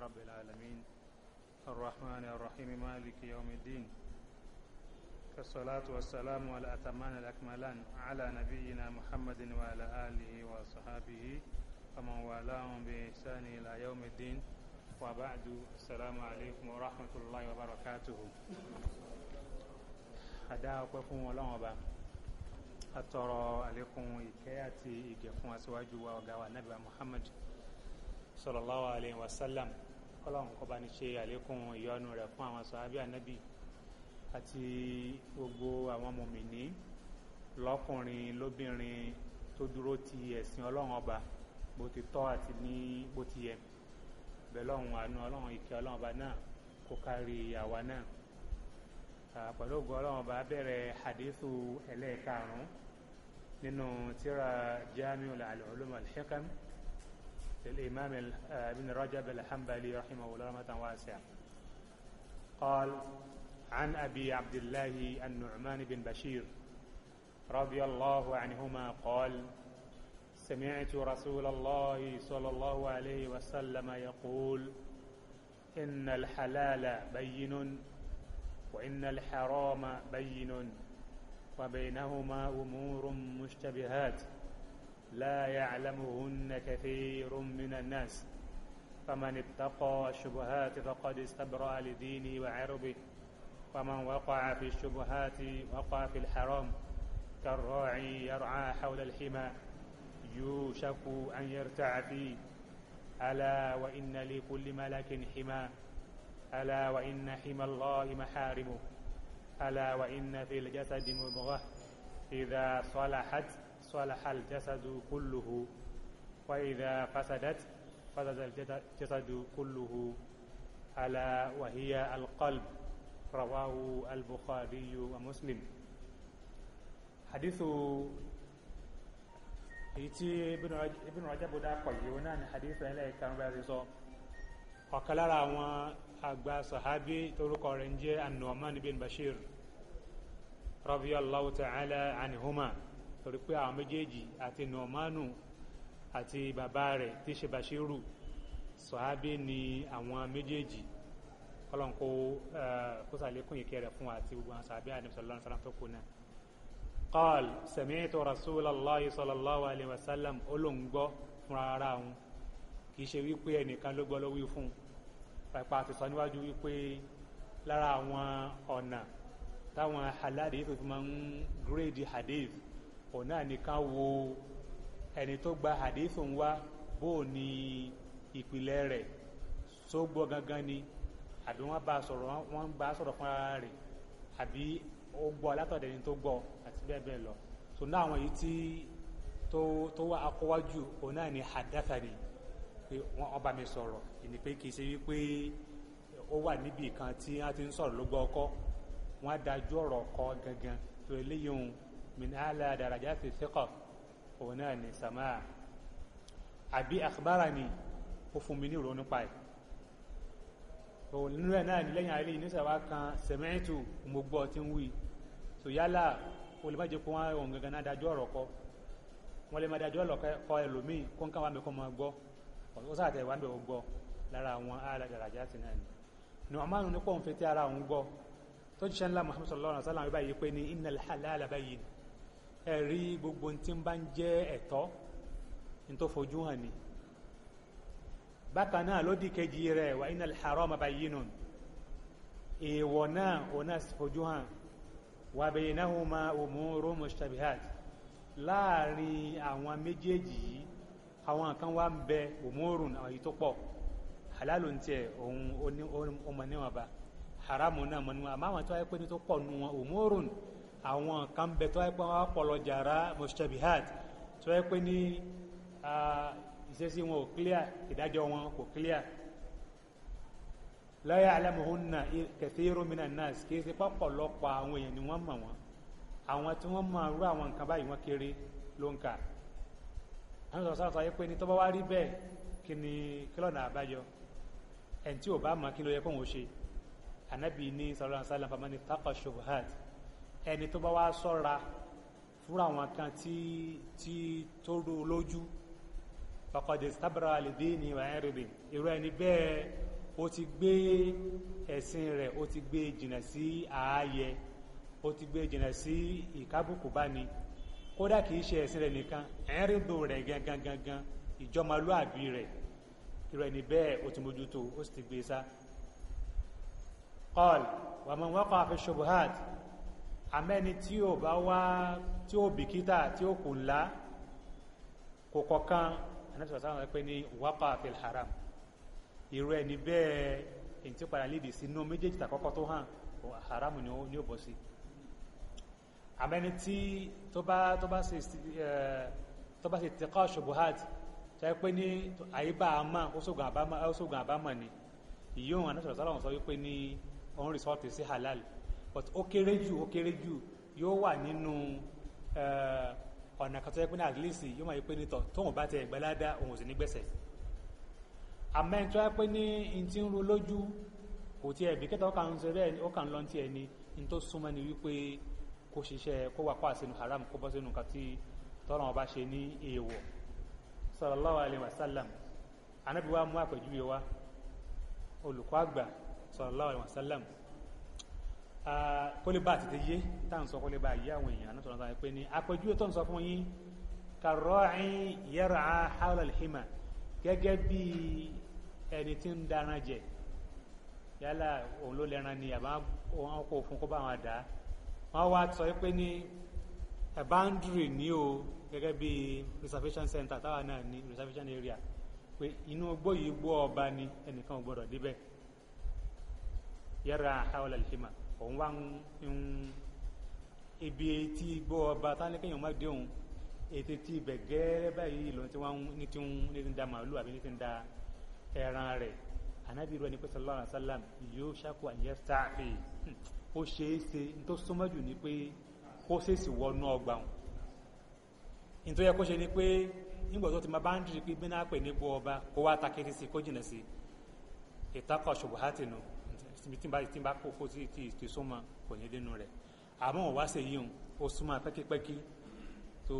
رب العالمين الرحمن الرحيم مالك يوم الدين الصلاة والسلام والأتمان الأكملان على نبينا محمد وعلى آله وصحابه ومن والاهم بإحسان إلى يوم الدين وبعد السلام عليكم ورحمة الله وبركاته أدعى أقفهم ولا أبا أترى عليكم إكياتي إكفون أسواجوا وقوى النبي محمد صلى الله عليه وسلم kọ́lọ́hún kọ́ba ní ṣe àlékún ìyọ́nú rẹ̀ fún àwọn sàábì ànábì àti gbogbo àwọn mòmìnì lọ́kùnrin lóbìnrin tó dúró ti ẹ̀sìn ọlọ́run ọba bó ti tọ́ àti ní bó ti yẹ bẹ́ẹ̀ lọ́hùn àánú ọlọ́run ìkẹ́ ọlọ́run ọba náà kó kárí àwa náà pẹ̀lú ògùn ọlọ́run ọba bẹ̀rẹ̀ hadithu ẹlẹ́ẹ̀karùn-ún nínú tíra jamiu al-ulum al-hikam. al ulum للإمام آه، ابن رجب الحنبلي رحمه الله رحمة واسعة قال عن أبي عبد الله النعمان بن بشير رضي الله عنهما قال سمعت رسول الله صلى الله عليه وسلم يقول إن الحلال بين وإن الحرام بين وبينهما أمور مشتبهات لا يعلمهن كثير من الناس فمن اتقى الشبهات فقد استبرأ لدينه وعربه ومن وقع في الشبهات وقع في الحرام كالراعي يرعى حول الحمى يوشك أن يرتع فيه ألا وإن لكل ملك حمى ألا وإن حمى الله محارمه ألا وإن في الجسد مضغة إذا صلحت صلح الجسد كله وإذا فسدت فسد الجسد كله ألا وهي القلب رواه البخاري ومسلم حديث ايتي ابن رجب ابن رجب دا قيونا حديث الله كان بعضي صو وكلارا وان أغبى صحابي تلقى رنجي النعمان بن بشير رضي الله تعالى عنهما torí pé àwọn méjèèjì àti nọ̀mánù àti bàbá rẹ̀ tí ṣe bàṣírù sọ̀hábé ni àwọn méjèèjì kọ́lọ́n kó kó sàlékún ìkẹ́ rẹ̀ fún àti gbogbo àwọn sàbí àdìmọ̀ sọ̀rọ̀ lọ́nà sọ̀rọ̀ tó kù náà. qal sami'tu rasulallahi sallallahu alayhi wa sallam olóńgbọ́ fúnra ara òun kì í ṣe wípé ẹnìkan ló gbọ́ ló wí fún un pàpà àti sọ níwájú wípé lára àwọn ọ̀nà táwọn haladi yìí fi máa ń gírèdì hadith òun náà ni ká wo ẹni tó gba hadithu ń wá bó o ní ìpìlẹ̀ rẹ̀ tó gbọ́ gangan ni àbí wọ́n bá sọ̀rọ̀ wọ́n bá sọ̀rọ̀ fún ara rẹ̀ àbí ó gbọ́ látọ̀dẹ̀ ni tó gbọ́ àti bẹ́ẹ̀ bẹ́ẹ̀ lọ so náà àwọn yìí tí tó wá akọ́wájú òun náà ni pé wọ́n bá mi sọ̀rọ̀ ìní pé kì í ṣe wípé ó wà níbi kan tí wọ́n ti ń sọ̀rọ̀ ló gbọ́ ọkọ́ wọ́n á dájú ọ̀rọ̀ ọkọ gangan tó eléyìí òun من أعلى درجات الثقة هنا سماع أبي أخبرني وفمني رونو باي nínú ẹ̀ náà nílẹ́yìn àìlè ìníṣẹ̀wá kan sẹ̀mẹ́ǹtù mo gbọ́ tí ń wí so yálà o lè má jẹ́ kó wọ́n ohun gangan náà dájọ́ ọ̀rọ̀ kọ́ wọ́n lè má dájọ́ ọ̀rọ̀ kọ́ ẹlòmíì kó ń káwá mi kọ́ máa gbọ́ ó sàtẹ̀ wá ń bẹ̀ ó gbọ́ lára àwọn aládàrájà ti náà ni ní ọmọ àrùn nípò ń fetí ara òun gbọ́ tó jíṣẹ́ ńlá Muhammad sallallahu alaihi wasallam báyìí pé ní innal halala bayyin ẹ̀rí gbogbo tí ń bá ń jẹ́ ẹ̀tọ́ ní tó fojú hàn ni bákan náà lódì kejì rẹ̀ wà innal harama bayyinun èèwọ̀ náà òun náà sì fojú hàn wa baynahuma umurun mushtabihat láàrin àwọn méjèèjì yìí àwọn kan wá ń bẹ umurun àwọn yìí tó pọ̀ halalu ń tiẹ̀ òun ọmọ níwọ̀nba haramu náà mọ̀ níwọ̀nba àmọ́ àwọn tó wáyé pé ní tó pọ̀ nù wọn umurun àwọn kan bẹ tó yẹ pé wọn pọlọ jàrá mustabihat tó yẹ pé ní ìṣesí wọn ò clear ìdájọ́ wọn kò clear la ya'lamuhunna kathirun minan nas kì í ṣe pọ̀pọ̀lọpọ̀ àwọn èèyàn ni wọ́n mọ̀ wọ́n àwọn tí wọ́n mọ̀ rú àwọn nǹkan báyìí wọ́n kéré ló ń kà àwọn sọ̀rọ̀ sọ̀rọ̀ yẹ pé ní tọ́ba wá rí bẹ́ẹ̀ kí ni kílọ̀nà àbáyọ ẹni tí ò bá mọ̀ kí ló yẹ kóun ṣe ànábì ní sallallahu alaihi wasallam famani taqa shubuhat ẹni tó bá wá sọ́ra fúra àwọn kan tí tí tó rú lójú faqad istabra li dini wa irdi irú ẹni bẹ́ẹ̀ ó ti gbé ẹ̀sìn rẹ̀ ó ti gbé jìnà sí ààyè ó ti gbé jìnà sí ìkábùkù bá kódà kì í ṣe ẹ̀sìn rẹ̀ nìkan ẹ̀rìndò rẹ̀ gangan ìjọmọlúàbí rẹ̀ irú ẹni bẹ́ẹ̀ ó ti mójútó ó sì ti gbé e sá. qal wa man waqa fi amẹ́ni tí ò bá wá tí ò bìkítà tí ò kò lá kò kọ̀kan anáṣọ sáwọn pé ní wápá fil haram irú ẹni bẹ́ẹ̀ èyí tí ó padà lédè sí inú méjèèjì tàkọ́kọ́ tó hàn haram ni ó bọ́ sí amẹ́ni tí tó bá tó bá ṣe tó bá ṣe tẹ́kọ̀ ṣubuhat tó yẹ pé ní àyíbá àmà ó sógun àbámọ̀ ni ìyóhun anáṣọ sáwọn sọ wípé ní òun rìsọ́ọ̀tì sí halal but ó kéré jù ó kéré jù yóò wà nínú ọ̀nà kan tó yẹ pé ní at least yóò máa yẹ pé nítọ̀ tóun bá tẹ ẹ̀gbẹ́ ládá òun ò sì ní gbẹ̀sẹ̀ àmọ́ ẹni tó yẹ pé ní n ti ń ro lójú kò tiẹ̀ bí kẹta ó kàn ń ṣe bẹ́ẹ̀ ó kàn ń lọ ti ẹ̀ ni n tó súnmọ́ ni wípé kó ṣiṣẹ́ kó wà kó àṣẹnu haram kó bọ́ sínú nǹkan tí tọ́lọ́ wọn bá ṣe ní èèwọ̀ sallallahu alayhi wa sallam anábìwá mú àpèjúwe wa olùkọ́ àgbà sallallahu alayhi wa kó lè bá àti tẹ́yé tá à ń sọ kó lè bá yé àwọn èèyàn náà tó náà pé ní àpèjúwe tó ń sọ fún yín kàrọ́ọ̀ín yẹ́rà hawla al-hima gẹ́gẹ́ bí ẹni tí ń dáná jẹ yálà òun ló lẹ́ran ni àbá wọn kò fún kó bá wọn dá wọn wá sọ pé ní a boundary ní o gẹ́gẹ́ bí reservation center táwa náà ní reservation area pé inú gbóyè gbó ọba ni ẹnìkan ò gbọdọ̀ débẹ̀ yẹ́rà hawla òun wá ń ibi etí igbó ọba tá ní kéèyàn má dé òun ètè tí ibẹ̀ gẹ́rẹ́ báyìí lòun ti wá ní ti ń da màálù àbí ní ti ń da ẹran rẹ̀ anabi rẹ ni pé sallallahu alayhi wa sallam yóò ṣàkó hmm. ó ṣe é ṣe ní tó súnmọ́ jù ni pé kó ṣèṣì wọnú ọgbà ní tó tí n bá tí n bá kókó tí tí tí súnmọ́ kò ní dénú rẹ̀ àmọ́ wọ́n wá ṣe yíyún ó súnmọ́ pẹ́kípẹ́kí tó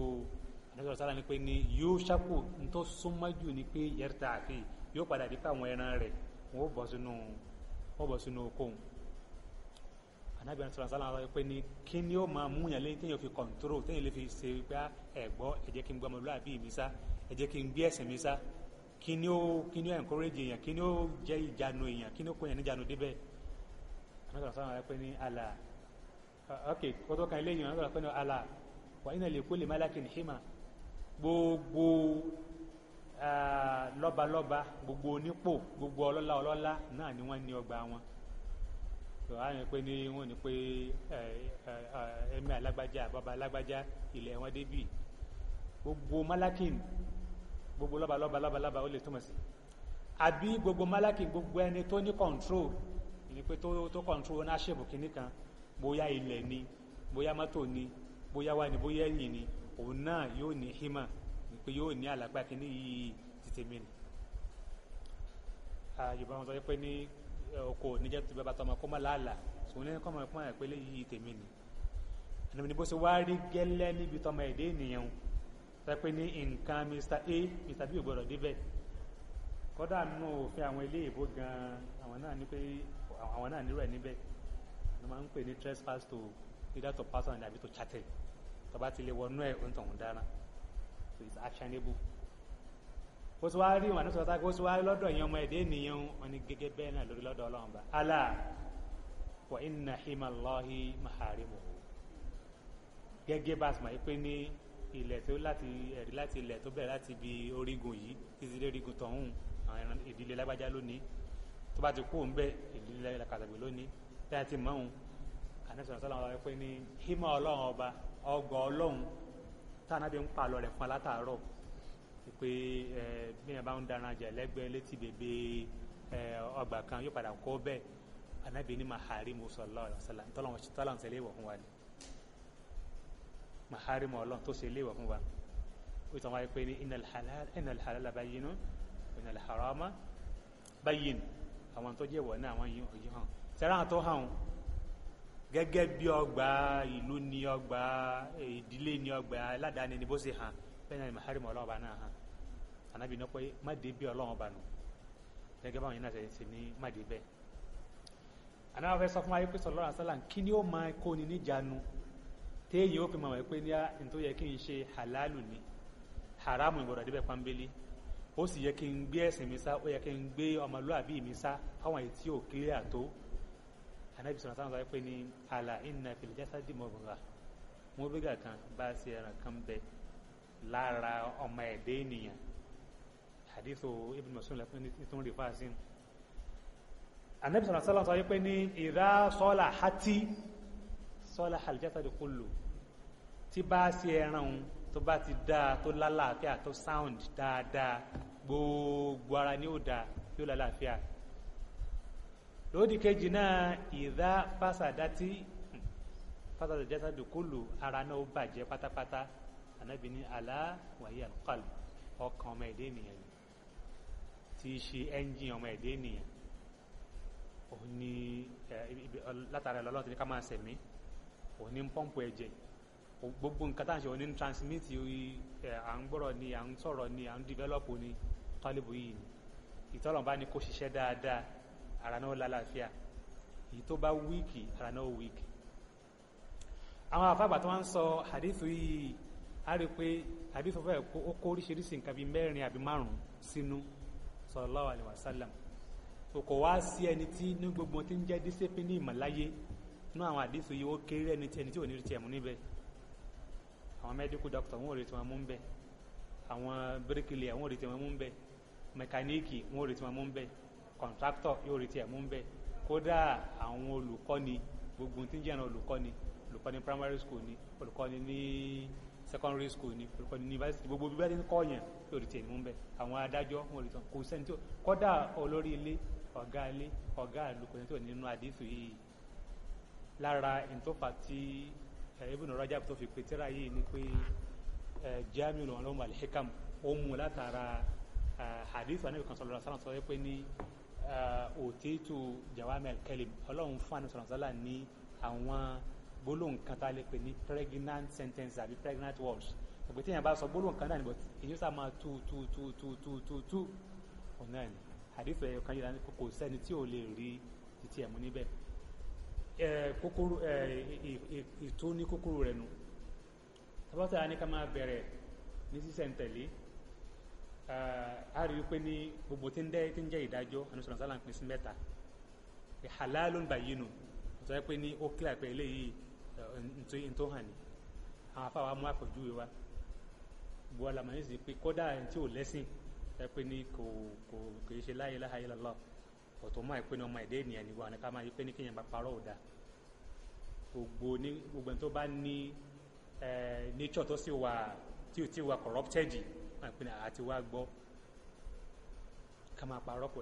àdéhùn sára ni pé ni yóò ṣàkó nítorí súnmọ́ jù ni pé yẹrìtà àfi yóò padà dípẹ́ àwọn ẹran rẹ̀ wọ́n bọ̀ sínú wọ́n bọ̀ sínú okòwò anabi ọ̀nà sọ̀rọ̀ sọ̀rọ̀ pé ní kí ni ó máa mú yàn lẹ́yìn téèyàn fi kọ̀ǹtóró téèyàn lè fi ṣe pé ah, ẹ̀gbọ́ ẹ jẹ́ kí n gbọ́ ọmọlúwàbí mi sá ẹ jẹ́ n gbé ẹ̀sìn mi sá kí ni ó kí ni ó encourage èèyàn kí ni ó jẹ́ ìjánu èèyàn kí ni ó kó yàn anọ́sọ̀rọ̀ sọ́nà rẹ̀ pé ní àlà ok kó tó kan eléyìí anọ́sọ̀rọ̀ pé ní àlà wà inna li kulli malakin hima gbogbo lọ́balọ́ba uh, gbogbo onípò gbogbo ọlọ́lá ọlọ́lá náà ni wọ́n ní ọgbà wọn tó á yẹn pé ní wọ́n ní pé ẹ̀mí alágbájá bàbá alágbájá ilẹ̀ wọn débì gbogbo malakin gbogbo lọ́balọ́ba lọ́balọ́ba ó lè túmọ̀ sí àbí gbogbo malakin gbogbo ẹni tó ní control Ni pé tó tó control ownership kìíní kan bóyá ilẹ̀ ni bóyá mọ́tò ni bóyá wà ní bóyá ẹ̀yìn ni òun náà yóò ní hímà pé yóò ní àlágbá kìíní yìí títí mi ni. yorùbá wọn sọ pé ní oko níjẹ́ tó bàbá tọmọ kó má làálà òun ní kọ́mọ ẹ̀kọ́ máa pé léyìí tèmi ni. ànàmì ni bó ṣe wá rí gẹ́lẹ́ níbi tọmọ èdè ènìyàn sọ pé ní nǹkan Mr. A Mr. B ò gbọdọ̀ débẹ̀ kódà nínú òfin àwọn ilé ìbò gan-an àwọn náà ní pé àwọn náà nírú ẹ̀ níbẹ̀ wọ́n máa ń pè ní trespass to either to person àbí to chattel tó bá ti lè wọnú ẹ̀ ó ń tọ̀hún dáná so it's actionable ó ti wá rí wọn àti sọ̀tà ó ti wá lọ́dọ̀ yẹn ọmọ ẹ̀dẹ́ ènìyàn wọn ni gẹ́gẹ́ bẹ́ẹ̀ náà lórí lọ́dọ̀ ọlọ́run bá Allah wa inna himallahi maharimuhu gẹ́gẹ́ bá a sì máa pé ní ilẹ̀ tó láti ẹ̀rí láti ilẹ̀ tó bẹ̀rẹ̀ láti ibi orígun yìí títí dé orígun tọ̀hún àwọn ìdílé lágbájá lónìí tó bá ti kú òun bẹ ìlú ilẹ̀ kàtàgbé lónìí tí a ti mọ̀ òun àníṣòro sọ́lá wọn pé ní hímọ̀ ọlọ́run ọba ọgọ̀ ọlọ́run tánàbí ń pàlọ́ rẹ̀ fún alátàárọ̀ pé ẹ bí ẹ bá ń daran jẹ lẹ́gbẹ̀ẹ́ létí bèbè ẹ ọgbà kan yóò padà kó bẹ́ẹ̀ ànábì ní mahari musalọ ọsàlà ntọ́lọ́wọ́n tọ́lọ́n ṣe léèwọ̀ fún wa ni mahari mu ọlọ́run tó ṣe léèwọ̀ fún wa ó sọ wáyé pé ní inal halal inal halal bayyinu inal harama bayyinu àwọn tó jẹ́ ìwọ̀ náà àwọn yìí hàn sẹ́rà tó hàn gẹ́gẹ́ bí ọgbà ìlú ni ọgbà ìdílé ni ọgbà aládàáni ni bó ṣe hàn bẹ́ẹ̀ ni maharimu ọlọ́run ọba náà hàn ànábì náà pé má dé bí ọlọ́run ọba nù gẹ́gẹ́ báwọn yìí náà ṣe ní má dé bẹ́ẹ̀ ànábì fẹ́ sọ fún ayé pé sọlọ́run asálà kí ni ó máa kó ni níjànú téèyàn ó fi mọ̀ wẹ́ ní à ń tó yẹ kí n ṣe hàlálù ni haramu ìgbọ̀dọ̀ débẹ̀ pàmbélé ó sì yẹ kí n gbé ẹ̀sìn mi sá ó yẹ kí n gbé ọmọlúàbí mi sá fáwọn èyí tí ò clear tó anabi sọ̀rọ̀ sáwọn sọ pé ní àlà ìnà fil jasadi mọ̀bùnà mo bígà kan bá ṣe ẹran kan bẹ lára ọmọ ẹ̀dẹ́ ènìyàn hadithu ibn Mas'ud lẹ́pẹ́ ní tún rí fáṣí anabi sọ̀rọ̀ sáwọn sọ pé ní ìdá sọ́là hati sọ́là hal jasadu kullu tí bá ṣe ẹran tó bá ti dáa tó lálàáfíà tó sound dáadáa gbogbo ara ni ó da yóò lálàáfíà lódì kejì náà ìdá fásadátì hmm, fásadátì kúlù ara náà ó bàjẹ́ pátápátá ànábì ní àlá wàyí àlùkàlù ọkàn ọmọ ẹ̀dẹ́ ènìyàn ni tí í ṣe ẹ́ńjìn ọmọ ẹ̀dẹ́ ènìyàn òun ni látara ọlọ́run ti ní ká máa sẹ̀mí òun ni pọ́ǹpù ẹ̀jẹ̀ gbogbo nǹkan tá à ń ṣe òun ni transmit à ń gbọ́rọ̀ ni à ń sọ̀rọ̀ ni à ń dìvẹ́lọ́pù ni tọ́lẹ̀bù yìí ni ìtọ́lọ̀ bá ní kó ṣiṣẹ́ dáadáa ara náà lálàáfíà èyí tó bá wíìkì ara náà wíìkì. àwọn àfàgbà tó wọ́n ń sọ hadith yìí a rí i pé hadith fẹ́ kó ó kó oríṣiríṣi nǹkan bíi mẹ́rin àbí márùn-ún sínú sallallahu alaihi wasallam kò wá sí ẹni tí ní gbogbo tí ń jẹ́ dísẹ́pínì ìmọ̀láyé nínú àwọn hadith yìí ó kéré ẹni tí ẹni tí ò ní rí tiẹ̀ mú níbẹ̀ àwọn medical doctor wọn ò retí wọn mú ń bẹ àwọn bricklayer wọn ò retí wọn mú ń bẹ mẹkaníìkì wọn ò retí wọn mú ń bẹ contractor yóò retí ẹ mú ń bẹ kódà àwọn olùkọ́ni gbogbo tí ń jẹ́ olùkọ́ni olùkọ́ni primary school ni olùkọ́ni ní secondary school ni olùkọ́ni ní university gbogbo bí bẹ́ẹ̀ ti ń kọ́ yẹn yóò retí ẹ mú ń bẹ àwọn adájọ́ wọn ò retí wọn kò sẹ́ni tó kódà olórí ilé ọ̀gá ilé ọ̀gá àlùkò yẹn tó nínú àdéhùn yìí lára ìtọ́fà Ibn Rajab tó fi pè tírà yìí ni pé jamiu lọ́wọ́ lọ́wọ́ alihikam ó mú látara hadith anabi kan sọlọ́ra sálàm sọ pé ní òtítù jawami alkalim ọlọ́run fún anabi sọlọ́ra sálàm ní àwọn gbólóhùn kan tá a lè pè ní pregnant sentence àbí pregnant words òpè tí èèyàn bá sọ gbólóhùn kan náà ni but èyí sá máa tu tu tu tu tu tu tu ọ̀nà ni hadith ẹ̀yọ̀ kan yìí kò sẹ́ni tí ò lè rí títí ẹ̀mú níbẹ̀ kòkòrò ètò ní kòkòrò rẹ̀ nù tàbátà ní ká máa bẹ̀rẹ̀ ní sísẹ̀ntẹ̀lé a rí pé ní gbogbo tí ń jẹ́ ìdájọ́ anúṣọ̀rọ̀ sálà ń pín sí mẹ́ta halalun bayyinu tó yẹ pé ní ó kílà pé eléyìí tó hàn ní àwọn afáwa mú àpèjúwe wa gbogbo alamọ̀ ní sì pé kódà tí ò lẹ́sìn tó yẹ pé ní kò kò kò ṣe la ilaha illallah ọ̀tọ̀ máa pé ní ọmọ ẹ̀dá ènìyàn ni wà ní ká máa yí pé ní kéèyàn bá parọ́ ọ̀dà gbogbo ní gbogbo tó bá ní nature tó sì wà tí ò tí wà corrupted máa pé ní àti wá gbọ́ ká máa parọ́ kò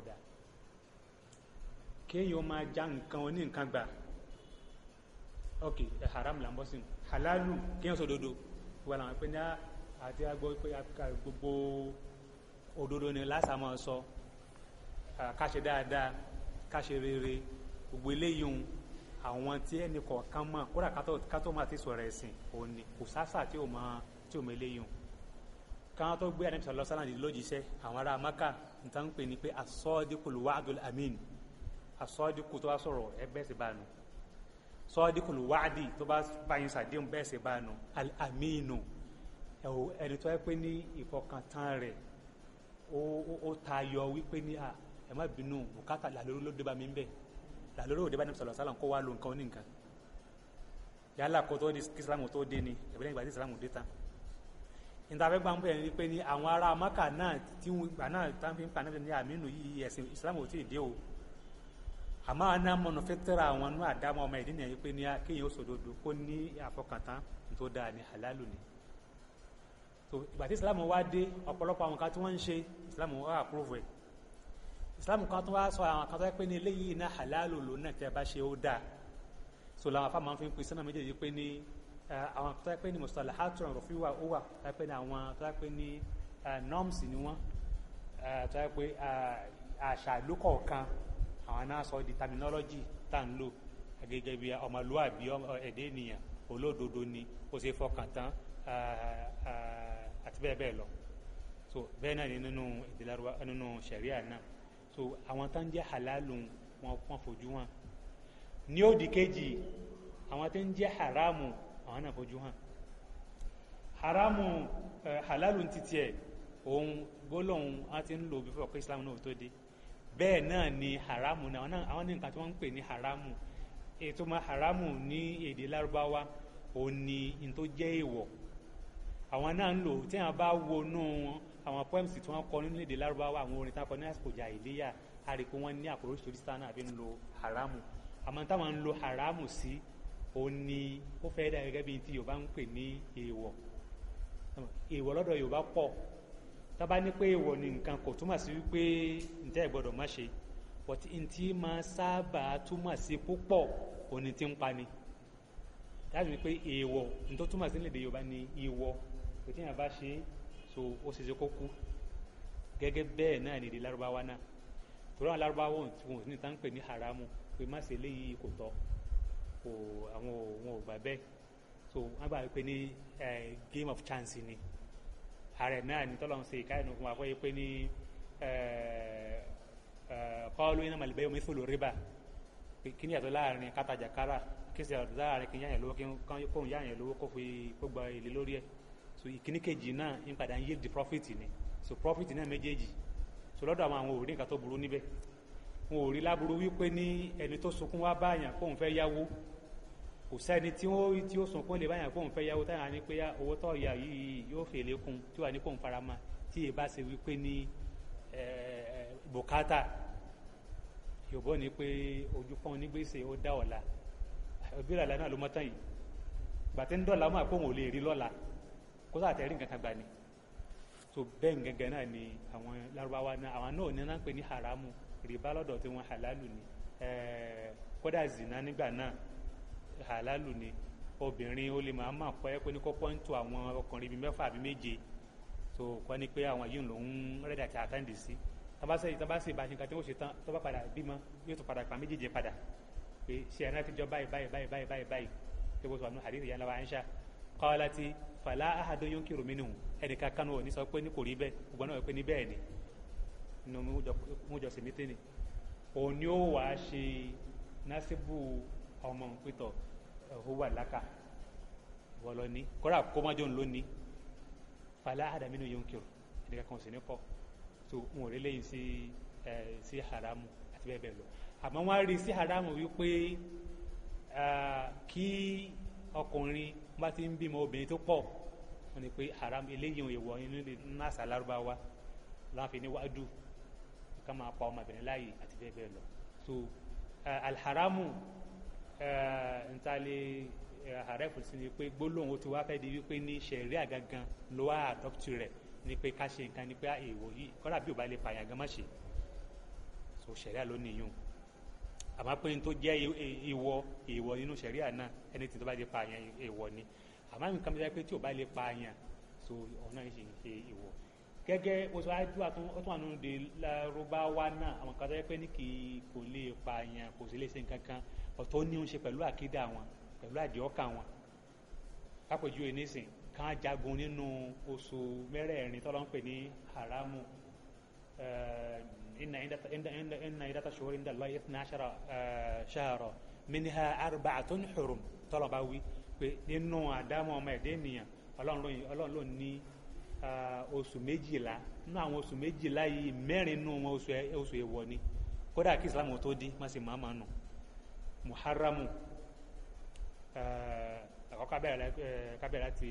kéèyàn máa já nǹkan oní nǹkan gbà ok haram là ń bọ́ sí halalu kéèyàn sọ òdodo wà láwọn pé ní ah, àti àgbọ̀ pé gbogbo òdodo ni lásàmọ́ sọ. So ká ṣe dáadáa ká ṣe rere gbogbo eléyìí òun àwọn tí ẹnì kọ̀ọ̀kan mọ̀ kódà ká tó máa ti sọ̀rọ̀ ẹ̀sìn òun ni kò sásà tí ò mọ tí ò mọ eléyìí òun káwọn tó gbé àdébísọ̀ lọ sálàndì lójíṣẹ́ àwọn ará maka nǹkan ń pè ní pé asọ́ọ́dínkù lùwádùn amín asọ́ọ́dínkù tó bá sọ̀rọ̀ ẹgbẹ́ sì bá nu sọ́ọ́dínkù lùwádì tó bá báyìí sàdéhùn bẹ́ẹ̀ sì bá nu amínu ẹni tó yẹ pé ní ìfọkàntán rẹ̀ ó tayọ wípé ní ẹ má bínú bùkátà làlóró ló débà mí ń bẹ̀ làlóró ò débà ní sọ̀rọ̀ sálà kó wá lo nǹkan oníǹkan yálà kó tó di kí Islam tó dé ni ẹ̀bí lẹ́yìn ìgbà tí Islam dé tán ìtafẹ́ gbà ń bẹ̀rẹ̀ ni pé ní àwọn ará Maka náà tí wọn gbà náà tán fi ń pa náà ní àmínú yìí ẹ̀sìn Islam tí ì dé o àmọ́ aná mọ̀nà fẹ́ tẹ́ra àwọn inú àdámọ́ ọmọ ìdí nìyẹn pé ní kéèyàn ó sòdodo kó ní àfọkàntán tó dáa ní halalu ni so ìgbà tí Islam wá dé ọ̀pọ̀lọpọ̀ àwọn kan tí wọ́n ń ṣe Islam wá àpúròfù ẹ̀ islam kan tó wá sọ àwọn kan tó wá pé ní eléyìí iná halalu lòun náà tẹ́ bá ṣe ó dáa so làwọn afá máa fi ń pin sínú méjèèjì pé ní àwọn tó wá pé ní mustalahatu rọ̀fí wà ó wà tó wá pé ní àwọn tó wá pé ní norms ni wọ́n tó wá pé àṣà ìlú kọ̀ọ̀kan àwọn náà sọ di terminology tá ń lò gẹ́gẹ́ bí ọmọlúwàbí ẹ̀dẹ́ ènìyàn olódodo ni ó ṣe fọkàn tán àti bẹ́ẹ̀ bẹ́ẹ̀ lọ so bẹ́ẹ̀ náà ni nínú ìdílárúbá nínú ṣẹ̀ríà náà so àwọn tó ń jẹ́ halalu wọn wọn fojú hàn ní òdì kejì àwọn tó ń jẹ́ haramu àwọn náà fojú hàn haramu halalu ti tiẹ̀ òun gbólóhùn wọn ti ń lò bí fọwọ́ pé islam náà tó dé bẹ́ẹ̀ náà ni haramu náà àwọn ní nǹkan tí wọ́n ń pè ní haramu ètò máa haramu ní èdè lárúbáwá òun ni n tó jẹ́ èèwọ̀ àwọn náà ń lò tí wọn bá wọnú wọn àwọn poems tí wọ́n kọ nínú èdè lárúbáwá àwọn orin tákọ ní àsìkò jàhílíyà a rí pé ní àkòrò oríṣiríṣi àbí ń lo haramu àmọ́ táwọn ń lo haramu sí òun ni ó fẹ́ dà gẹ́gẹ́ bí ti yorùbá ń pè ní èèwọ̀ èèwọ̀ lọ́dọ̀ yorùbá pọ̀ tá ní pé èèwọ̀ ni nǹkan kò túmọ̀ sí wípé ǹjẹ́ ìgbọ́dọ̀ má ṣe but ntí máa sábà túmọ̀ sí púpọ̀ òun ni ti ń pani dájú wípé èèwọ̀ ntó túmọ̀ sí lédè yorùbá ni ìwọ kò tí yàn bá ṣe é so ó ṣe ṣe kó kú gẹ́gẹ́ bẹ́ẹ̀ náà nìdí lárúbáwá náà torí àwọn lárúbáwá tí wọn ò ní tá ń pè ní haramu pé má ṣe léyìí kò tọ́ kò àwọn òun ò gbà bẹ́ẹ̀ so wọ́n gbà pé ní game of chance ni ààrẹ náà ní tọ́lọ́ ń ṣe ìkáyọ̀ nínú fún wa fọ́yẹ́ pé ní kọ́ọ́lù iná màlìbẹ́ omi fòlò rìbá kí ni yàtọ̀ láàrin kátàjà kára kí sì yàtọ̀ láàrin kí yáyàn lówó kí kóhun yáyàn lówó kó fi kó èlé lórí ẹ̀ so ìkíní kejì náà ń padà ń yield profit ni so profit náà méjèèjì so lọ́dọ̀ àwọn àwọn òrí nǹkan tó burú níbẹ̀ wọn ò rí láburú wípé ní ẹni tó sunkún wá báyàn kóun fẹ́ yáwó kò sẹ́ni tí ó tí ó sunkún lè báyàn kóun fẹ́ yáwó táyà ní pé ah, owó tó yà yìí yóò fèlè kún tí wà ní kóun fara mọ́ tí èyí bá ṣe wípé ní bùkátà yòbọ́ ni pé ojú fún onígbèsè ó dá ọ̀la òbí ràlá náà ló mọ́ tán yìí gbàtí ń dọ̀la mọ́ àpò òun ò lè rí lọ́la kó sáà tẹ̀rí nǹkan kan gbà ni so bẹ́ẹ̀ gẹ́gẹ́ náà ni àwọn Lárúbáwá náà àwọn náà ní náà ń pè ní haramu rìbá lọ́dọ̀ tí wọ́n halalu ni kódà zina nígbà náà halalu ni obìnrin ó lè máa máa kọ́ ẹ́ pé ní kọ́kọ́ ń tu àwọn ọkùnrin bíi mẹ́fà àbí méje so kọ́ ni pé àwọn yìí ló ń rẹ́dà tí a tán dì sí tabasẹ́ tabasẹ́ ìbáṣe nǹkan tí wọ́n ṣe tán tó bá padà bímọ yóò tún padà pa méjèèjì padà pé ṣe ẹ̀ náà ti jọ báyìí báyìí báyìí báyìí báyìí tó bó tó àdéhùn ìyá ńlá wa ń ṣá kọ́ láti fàlà ahadu um yunkiru minhu ẹnìkan kanu ò ní sọ pé ní kò rí bẹ́ẹ̀ gbogbo náà pé ní bẹ́ẹ̀ ni nínú mújọ sí mítínì òun ni ó wà á ṣe násìbù ọmọ pítọ̀ ọ̀húwà lákà wọ́lọ́ ní kọ́ra kọ́mọ́jọ́ ń lò ní fàlà ahadu minhu yunkiru ẹnìkan kan ò sì ní kọ́ so n ò rí lẹ́yìn sí ẹ sí haramu àti bẹ́ẹ̀ bẹ́ẹ̀ lọ àmọ́ wọ́n á rí sí haramu wípé kí ọkùnrin bá ti ń bímọ obìnrin tó pọ̀ wọ́n ní pé haram eléyìí òun èèwọ̀ inú nàṣà lárúbáwá láàfin níwájú ká máa pa ọmọbìnrin láàyè àti bẹ́ẹ̀ bẹ́ẹ̀ lọ so eh, alharamu eh, ntaale àrẹ́fù eh, sí ni pé gbólóhùn ó ti fẹ́ di wípé ní ṣẹ̀ríà gangan ló wá àdọ́pútù rẹ̀ ni pé ká ṣe nǹkan ni pé ah, èèwọ̀ yìí kọ́dà bí ò bá lè pààyàn gan má ṣe so ṣẹ̀ríà ló nìyún àmọ́ pé n tó jẹ́ ìwọ ìwọ nínú ṣẹ̀ríà náà ẹni tí tó bá lè pààyàn èèwọ̀ ni àmọ́ àwọn nǹkan bíi pé tí ò bá lè pa àyàn so ọ̀nà ìṣe ṣe ìwọ̀ gẹ́gẹ́ bó ṣe wájú ọtún àánú de lárúbáwá náà àwọn kan tó yẹ pé ní kì í kò lè pa àyàn kò sì lè ṣe nǹkan kan ọ̀tọ̀ ní oúnṣe pẹ̀lú àkídà wọn pẹ̀lú àdìọ́kà wọn kápẹ̀jú ẹnìsìn kan jagun nínú oṣù mẹ́rẹ̀ẹ̀rin tọ́lọ́ ń pè ní haramu eh, inna idata shuhuri inda Allah ithna ashara eh, shahara minha arba'atun hurum tọ́lọ́ bá wí pé nínú àdámọ́ ọmọ ẹ̀dẹ́ ènìyàn ọlọ́run ló ní oṣù méjìlá nínú àwọn oṣù méjìlá yìí mẹ́rin nínú wọn oṣù èèwọ̀ ni kódà kí islam tó dín má sì máa máa nù muharramu àkọ́kọ́ kábẹ̀rẹ̀ láti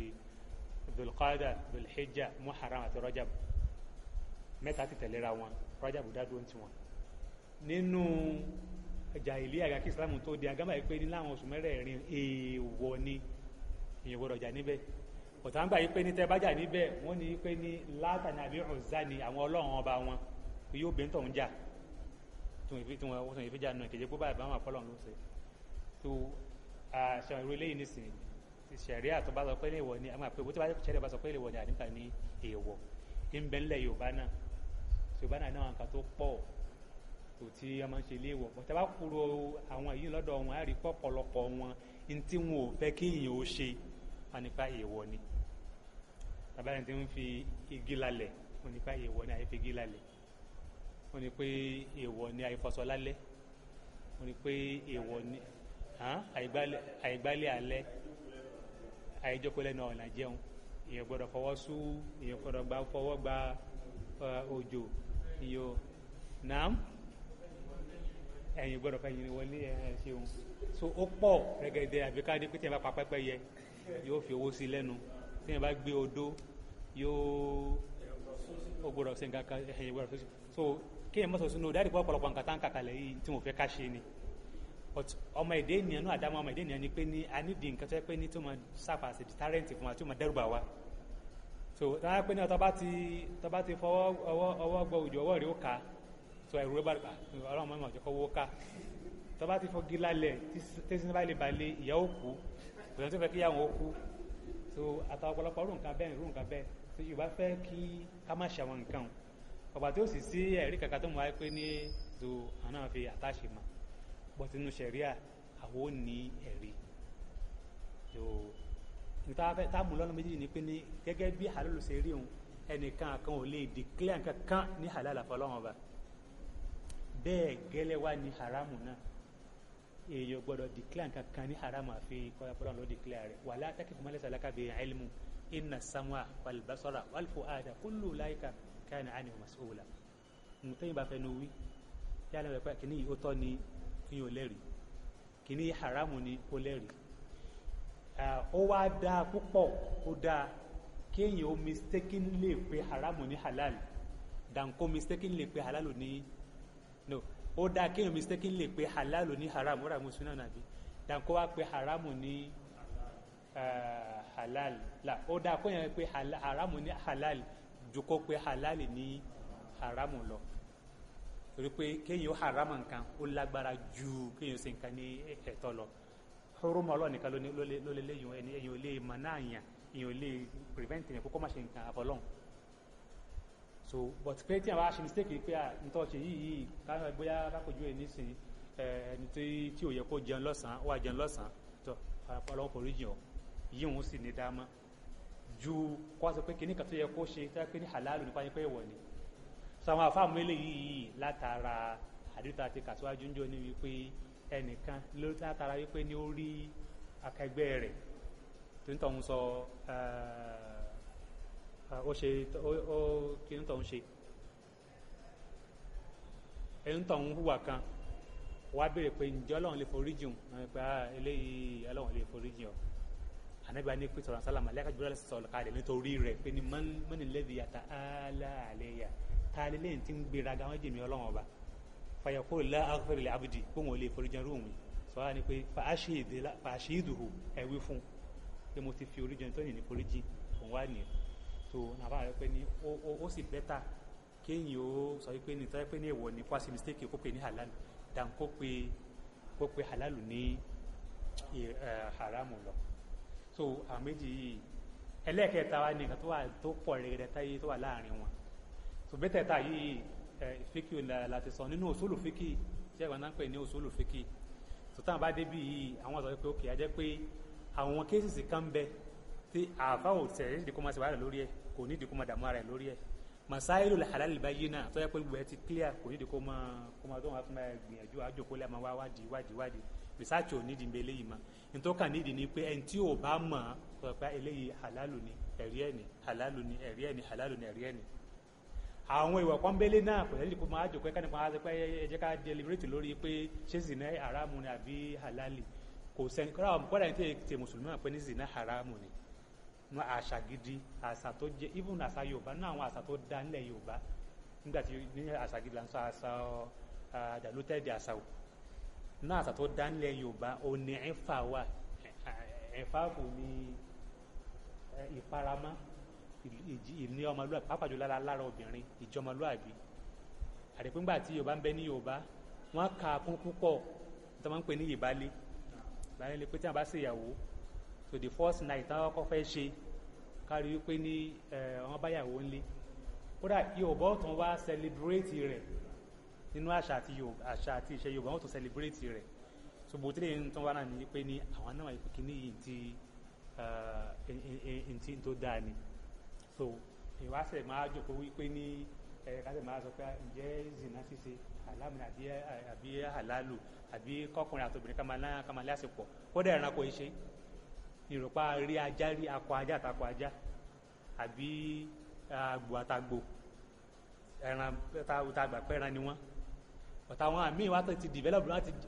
dulqada dulhijja muharram àti rajab mẹ́ta ti tẹ̀lera wọn rajab dádúró ti wọn nínú. No, jàhílíyà àga kí islam tó di agama yìí pé ní láwọn oṣù mẹ́rẹ̀ẹ̀rin èèwọ̀ ni èèyàn gbọ́dọ̀ jà níbẹ̀ ọ̀tá ń gbà yìí pé ní tẹ́ bá jà níbẹ̀ wọ́n ní pé ní Láta ní àbí Uzza ni àwọn ọlọ́run ọba wọn yóò bẹ́ẹ̀ tọ̀ ń jà tí wọ́n sọ yìí fi jà nù ìkejì pé báyìí bá wọn àpọ́lọ̀ ló ṣe tó àṣàwọn ìrú eléyìí nìsín ṣẹ̀rí àtọ́ sọ pé ní ni àwọn àpè bó ti bá ṣẹ̀rí sọ pé ìwọ ni àníkà ní èèwọ̀ ń bẹ́ńlẹ̀ Yorùbá náà Yorùbá náà náà nǹkan tó pọ̀ tó tí a máa ń ṣe ilé ìwọ̀ bọ̀tẹ́ bá kúrò àwọn èyí lọ́dọ̀ wọn á rí pọ̀ pọ̀lọpọ̀ wọn ní tí wọn ò fẹ́ kí èèyàn ó ṣe wọn nípa èèwọ̀ ni bàbá yẹn ti ń fi igi lálẹ̀ wọn nípa èèwọ̀ ni àìfi igi lálẹ̀ wọn ni pé èèwọ̀ ni àìfọṣọ lálẹ́ wọn ni pé èèwọ̀ ni àìgbálẹ̀ alẹ́ àìjókòólẹ̀ náà ọ̀nà jẹun èèyàn gbọ́dọ̀ fọwọ́ sú èèyàn gbọ́dọ̀ fọwọ́ gba òjò iyo naam ẹ̀yìn gbọ́dọ̀ fẹ́ yin wọlé ẹ̀ ṣeun so ó pọ̀ rẹ́gẹ̀dẹ̀ àbíká ní pé tí ẹ bá pa pẹ́pẹ́ yẹ yóò fi owó sí lẹ́nu tí ẹ bá gbé odó yóò ó gbọ́dọ̀ sí nǹkan kan ẹ̀yìn gbọ́dọ̀ so kí ẹ mọ̀sọ̀ sínú dáàdì pọ̀ ọ̀pọ̀lọpọ̀ nǹkan tá ń kàkàlẹ̀ yìí tí mo fẹ́ ká ṣe ni ọmọ èdè ènìyàn náà àdámọ́ ọmọ èdè ènìyàn ni pé ní a nídìí nǹkan tó yẹ pé ní tó máa sáfà sí tárẹ́ǹtì fún wa tó máa dẹ́rùbà wa so tó yẹ pé ní ọtọ́ bá ti fọwọ́ ọwọ́ gbọ́ òjò ọwọ́ rẹ̀ ó kà so ẹ̀rù rẹ̀ bàrẹ̀ ọlọ́run mọ́mọ́ ọ̀jọ́ kọ́ wó ká tó bá ti fọ́gi lálẹ̀ tẹ́sí bá lè balẹ̀ ìyá ó kú tó fẹ́ kí ìyá wọn ó so àtàwọn ọ̀pọ̀lọpọ̀ rú nǹkan bẹ́ẹ̀ rú nǹkan bẹ́ẹ̀ so yorùbá fẹ́ kí ká má ṣe àwọn nǹkan ọ̀gbà tó sì sí ẹ̀rí kankan tó mọ̀ wáyé pé ní zo àná fi àtàṣe mà bọ́ sínú sẹ̀ríà àwọn ò ní ẹ̀rí so táàmù lọ́nà méjì ni pé ní gẹ́gẹ́ bí halal ṣe rí òun ẹnìkan kan ò lè declare nǹkan kan ní halal àfọlọ́wọn ọba bẹ́ẹ̀ gẹ́lẹ́ wá ní haramu náà èèyàn gbọ́dọ̀ declare nǹkan kan ní haramu àfi kọ́lá ló declare rẹ̀ wala takifu ma laysa laka bihi ilmu inna sam'a wal basara wal fu'ada kullu ulaika kana anhu mas'ula nǹkan yìí bá fẹnu wí yálà wẹ̀ pé kìíní yìí ó tọ́ ni kìíní ò lẹ́rìí kìíní haramu ni ó lẹ́rìí ó wá dáa púpọ̀ ó dáa kéèyàn ó mistakenly pé haramu ní halal dànkó mistakenly pé halal ní halal no ó dáa kéèyàn mistake lè pe halal ní haram ó rà mú sunan àbí dànkó wá pe haram ní halal là ó dáa kéèyàn pe haram ní halal ju kó pe halal ní haram lọ torí pé kéèyàn haram nǹkan ó lágbára ju kéèyàn ṣe nǹkan ní ẹ̀tọ́ lọ hurum Ọlọ́run nìkan ló lé lóléléyìn ẹni èyàn ò lè mọ̀ náà yàn èyàn ò lè prevent yẹn kó má ṣe nǹkan àfọlọ́hùn so but pé tí àwọn aṣe mistake pé à ń tọ́ṣe yìí yìí káwọn bóyá lápòjú ẹ̀ nísìnyí ẹni tí ò yẹ kó jẹun lọ́sàn-án ó wà jẹun lọ́sàn-án tó ọlọ́run kò rí jìn ọ́ yìí òun sì ní dáa ju kó sọ pé kíní kan tó yẹ kó ṣe tó yẹ pé ní halal nípa yẹn pé ìwọ ni so àwọn àfáàmù eléyìí yìí látara àdúrà àti kàtíwájú ń jọ ní wípé ẹnìkan ló látara wípé ní ó rí akẹgbẹ́ rẹ̀ tó ń tọ́ ń sọ ẹ̀ẹ́ o ṣe o kí n tọ̀ ń ṣe ẹ̀yìn tọ̀ ń hùwà kan wá béèrè pé ǹjẹ́ ọlọ́run lè forí jìn ọ̀hún pé eléyìí ọlọ́run lè forí jìn ọ́ anabi ani pe sọ̀rọ̀ sálàmù alẹ́ kájú lọ́lẹ́sẹ̀ sọ̀rọ̀ kalẹ̀ nítorí rẹ̀ pé ni mọ́ni lẹ́bi yàtà aláàlẹ́yà taalẹ́ lẹ́yìn tí ń gbéraga wọn jèmi ọlọ́wọ́n ọba fàyàkó la aghfir li abdi kó wọn ò lè forí jẹrú òun sọ wá ni pé fàáṣì ìdùhù ẹ̀wí fún pé mo ti fi orí jẹun tó yìn ní forí jìn òun wá nìyẹn so nàbà rẹ pé ní ó sì bẹ́tà kéèyàn ó sọ pé ní tọ́ pé ní èèwọ̀ ní kwasi mistake kó pe ní halal dan kó pe kó pe halal ní haram lọ so àwọn méjì yìí ẹlẹ́ẹ̀kẹta wa ní nǹkan tó wà tó pọ̀ rẹ̀gẹ̀dẹ̀ta yìí tó wà láàrin wọn so bẹ́tẹ̀ẹ̀ta yìí fíkì láti sọ nínú òṣòlù fíkì tí ẹ̀gbọ́n náà ń pè ní òṣòlù fíkì so táwọn bá débi yìí àwọn sọ pé ó kì í jẹ́ pé àwọn kéésìsì kan bẹ́ẹ̀ tí àfa ò tẹ̀ ẹ́ ìdíkọ́ máa wàhálà lórí ẹ̀ kò ní ìdíkọ́ máa ara ẹ̀ lórí ẹ̀ masáyìlú làhálà lè bá yé pé gbogbo ẹ ti clear kò ní ìdíkọ́ máa kó máa tó máa fún ẹ gbìyànjú àjòkólẹ̀ máa wá wádìí wádìí wádìí research ò nídìí mbẹ eléyìí ma ntọ́ka nídìí ni pé ẹni tí ò bá mọ̀ ọ́ pé eléyìí halalu ni ẹ̀rí ẹ̀ ni halalu ni ẹ̀rí ẹ̀ ni halalu ni ẹ̀rí ẹ̀ ni àwọn ìwà pọ́nbélé náà kò lẹ́yìn kó máa jò pé káni máa ṣe pé ẹ jẹ́ ká deliberate lórí pé ṣé zina haramu ni àbí halali kò sẹ́ni kọ́ra àwọn kọ́ra ẹni tí ètè mùsùlùmí zina haramu ni wọn àṣà gidi àṣà tó jẹ even àṣà yorùbá náà àwọn àṣà tó dá nílẹ̀ yorùbá nígbà tí ní àṣà gidi là ń sọ àṣà àdàlótẹ́ẹ̀dì àṣà o náà àṣà tó dá nílẹ̀ yorùbá ò ní ẹ̀fà wà ẹ̀fà kò ní ìfaramọ́ ìní ọmọlúwàbí pàápàá jùlọ lára obìnrin ìjọmọlúwàbí àdìpínpà tí yorùbá ń bẹ ní yorùbá wọn kà á kún púpọ̀ tí wọn ń pè ní ìbálé ìbálé ni pé tí wọn bá ṣèyàwó so the first night táwọn kọ́ fẹ́ ṣe kárí wípé ní wọ́n báyàwó ńlé kódà yorùbá ọ̀tún wá celebrate rẹ̀ nínú àṣà àti yorùbá àṣà àti ìṣe yorùbá wọn tún celebrate rẹ̀ so bó tilẹ̀ ń tán wá náà ni pé ní àwọn náà yìí kìíní yìí ti ntí tó dáa ni so ìwáṣẹ̀ máa jòkó wípé ní ẹ̀ẹ́dẹ́gbàsẹ̀ máa sọ pé ǹjẹ́ zina ṣíṣe alámì àbí àlálù àbí kọkùnrin àtòbìnrin kàmáláṣepọ̀ kódà ẹ̀rànkò iṣẹ́ ìrọ̀pá rí ajá rí akọ ajá àtakọ ajá àbí àgbò àtàgbò ẹran tàgbà pẹ́ran ni wọ́n ọ̀tá wọn àmì wọn ti develop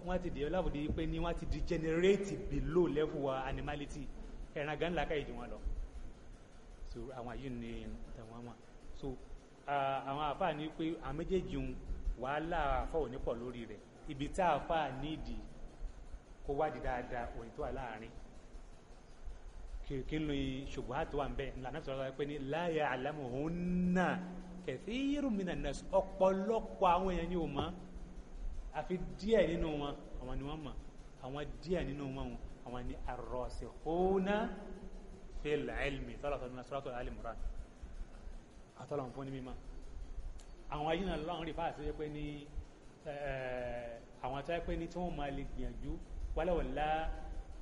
wọn ti develop di pé ni wọn ti degenerate below level wa animality ẹran gan làkà ìdí wọn lọ so àwọn yìí ni tẹ̀wọ́n wọn so àwọn àfáà ní pé àwọn méjèèjì ń wàhálà àfáà òní pọ̀ lórí rẹ̀ ibi tí àfáà nídìí kó wádìí dáadáa òyìn tó wà láàrin kìlò ṣùgbọ́n àti wà ń bẹ ńlànà sọ̀rọ̀ pé ní láyà àlámùhúnnà kẹ̀sí irúmìnà nẹ́sì ọ̀pọ̀lọpọ̀ àwọn èèyàn ni ò mọ̀ àfi díẹ̀ nínú wọn àwọn ni wọ́n mọ̀ àwọn díẹ̀ nínú wọn àwọn ni arrasikhuna fil ilmi tọ́lọ̀tọ̀ nínú sọ́lọ́tọ̀ alìmùrán àtọ́lọ̀n fún ní mímọ́ àwọn ayé náà lọ́rùn rí fáà sí pé ní àwọn tó yẹ pé ní tí wọ́n máa lè gbìyànjú wálẹ̀wọ̀lá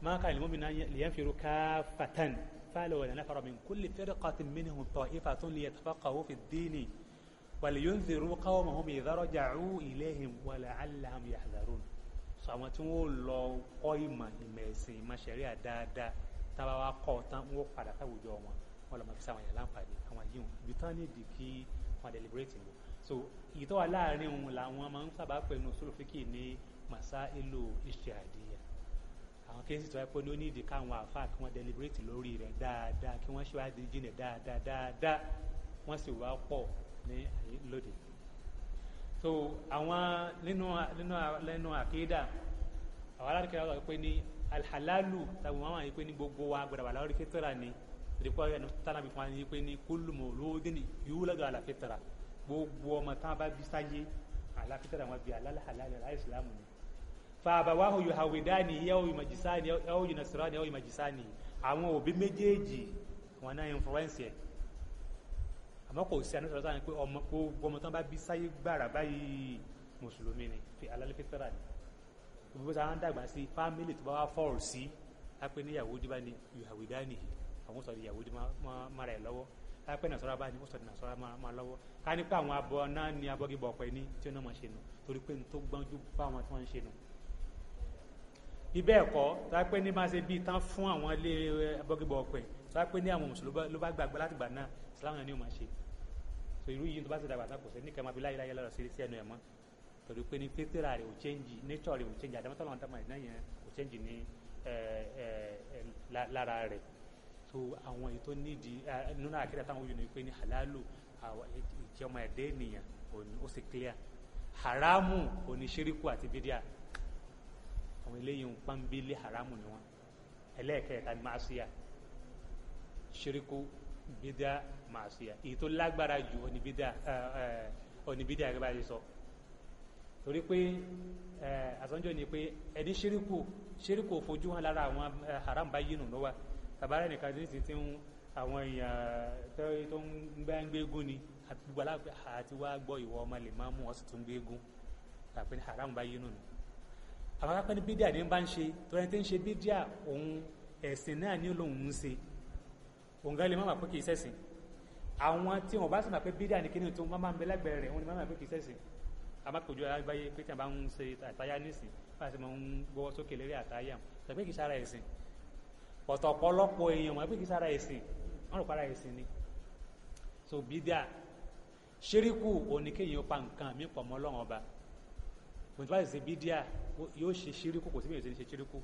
ما كان المؤمن لينفروا كافة فلولا نفر من كل فرقة منهم طائفة ليتفقهوا في الدين ولينذروا قومهم إذا رجعوا إليهم ولعلهم يحذرون sọ àwọn tí wọn lọ kọ́ ìmọ̀ ìmọ̀ ẹ̀sìn ìmọ̀ ṣẹ̀ríà dáadáa táwa wa kọ́ tán wọn padà sáwùjọ wọn wọn lọ máa fi sáwọn yàrá láǹfààní àwọn yìí wọn ibi tán nídìí kí wọn deliberate wọn so ìyí tó wà láàrin òun làwọn máa ń sábà pẹ̀lú sólùfíkì ní masailu ìṣe àdìyẹ àwọn kéésì tó yẹ pé ló ní ìdí káwọn àfa kí wọ́n deliberate lórí rẹ̀ dáadáa kí wọ́n ṣèwádìí jinlẹ̀ dáadáa dáadáa wọ́n sì wá pọ̀ ní lóde so àwọn nínú nínú nínú àkéédà àwọn alárìkẹ́ àwọn pé ní alhalalu tàbí wọn wà pé ní gbogbo wa gbọdọ̀ wà lórí fitra ni rìpọ́ ẹni tánà bí wọn pé ní kullu mawludin yuladu ala fitra gbogbo ọmọ tán bá bí sáyé ala fitra wọn bí alálàhàlálẹ̀ aláìsílámù ni fa abawahu yuhawidani au yumajisani au yunasirani au yumajisani àwọn òbí méjèèjì wọn náà influence ẹ̀ àmọ́ kò sí àníṣọ́ sáà ní pé ọmọ gbogbo ọmọ tán bá bí sáyé gbàrà báyìí mùsùlùmí ni fi alálẹ́ fẹ́tẹ́rà ni gbogbo sáà ń dàgbà sí fámìlì tó bá wá fọ́ọ̀rù sí lápẹ́ ní Yahudi bá ní yuhawidani àwọn sọ̀rọ̀ Yahudi mara ẹ̀ lọ́wọ́ lápẹ́ nàṣọ́ra bá ní sọ̀rọ̀ nàṣọ́ra máa lọ́wọ́ ká ní pé àwọn abọ́ náà ní abọ́gibọ̀ ọ̀pẹ ní tí wọ́n máa ṣe nù torí pé ní tó gbọ́njú bá wọn tí wọ́n ń ṣe nù bí bẹ́ẹ̀ kọ́ tá a pé ní máa ṣe bíi tán fún àwọn ilé abọ́gibọ̀ eh, ọ̀pẹ tá a pé ní àwọn mùsùlùmí ló bá gbàgbọ́ láti gbà náà síláwọn ni ó máa ṣe so irú yìí tó bá ṣe dàgbà náà kò sẹ́ni kẹ́ máa fi láyé láyé lọ́rọ̀ sí sí ẹnu ẹ̀ mọ́ torí pé ní pétérà rẹ̀ ò change nature rẹ̀ ò change àdámọ́tọ́ làwọn dámọ̀ náà yẹn ò change ní eh, eh, lára rẹ̀ so àwọn èyí tó nídìí nínú àkẹ́rẹ́ táwọn yòó ni pé ní halalu ìjẹ́ ọmọ ẹ̀dẹ́ ènìyàn ó sì clear haramu oníṣíríkù àti bídíà àwọn eléyìí ń pánbélé haramu ni wọn ẹlẹ́ẹ̀kẹta ni máa ṣíya ṣeríkú bídà máa ṣíya èyí tó lágbára jù ọ̀nìbídà ọ̀nìbídà gẹ́gẹ́ bá ṣe sọ torí pé àsọjọ́ ni pé ẹni ṣeríkú ṣeríkú fojú hàn lára àwọn haram bá yínú lọ́wọ́ tàbára nìkan tí ti ń àwọn èèyàn tó ń gbá ń gbégún ni àti gbọ́ ìwọ ọmọ lè máa mú ọ sì tún gbégún tàbí haram bá yínú nù àwọn akápẹ́ ní bídíà ní bá ń ṣe tọ́ra ẹni tí ń ṣe bídíà òun ẹ̀sìn náà ní olóhùn ń ṣe òun gan lè má máa pé kì í ṣẹ̀sìn àwọn tí wọn bá sì máa pé bídíà ní kíni tó má máa ń bẹ lágbẹ̀rẹ̀ rẹ̀ wọn ni má máa pé kì í ṣẹ̀sìn amákojú alágbáyé pé tí a bá ń ṣe àtayá nísìn bá a sì máa ń gbọ́wọ́ sókè lérí àtayá tàbí kì í sára ẹ̀sìn pọ̀tọ̀ ọ̀pọ̀lọpọ̀ èèyàn wọn pé kì í sára ẹ̀sìn wọn rò para ẹ̀sìn ni so bídíà ṣíríkù òní kéèyàn pa nǹkan mí pọ̀ mọ́ Ọlọ́run ọba yóò ṣe ṣíríkù kò sí bíyànjú ṣe ṣíríkù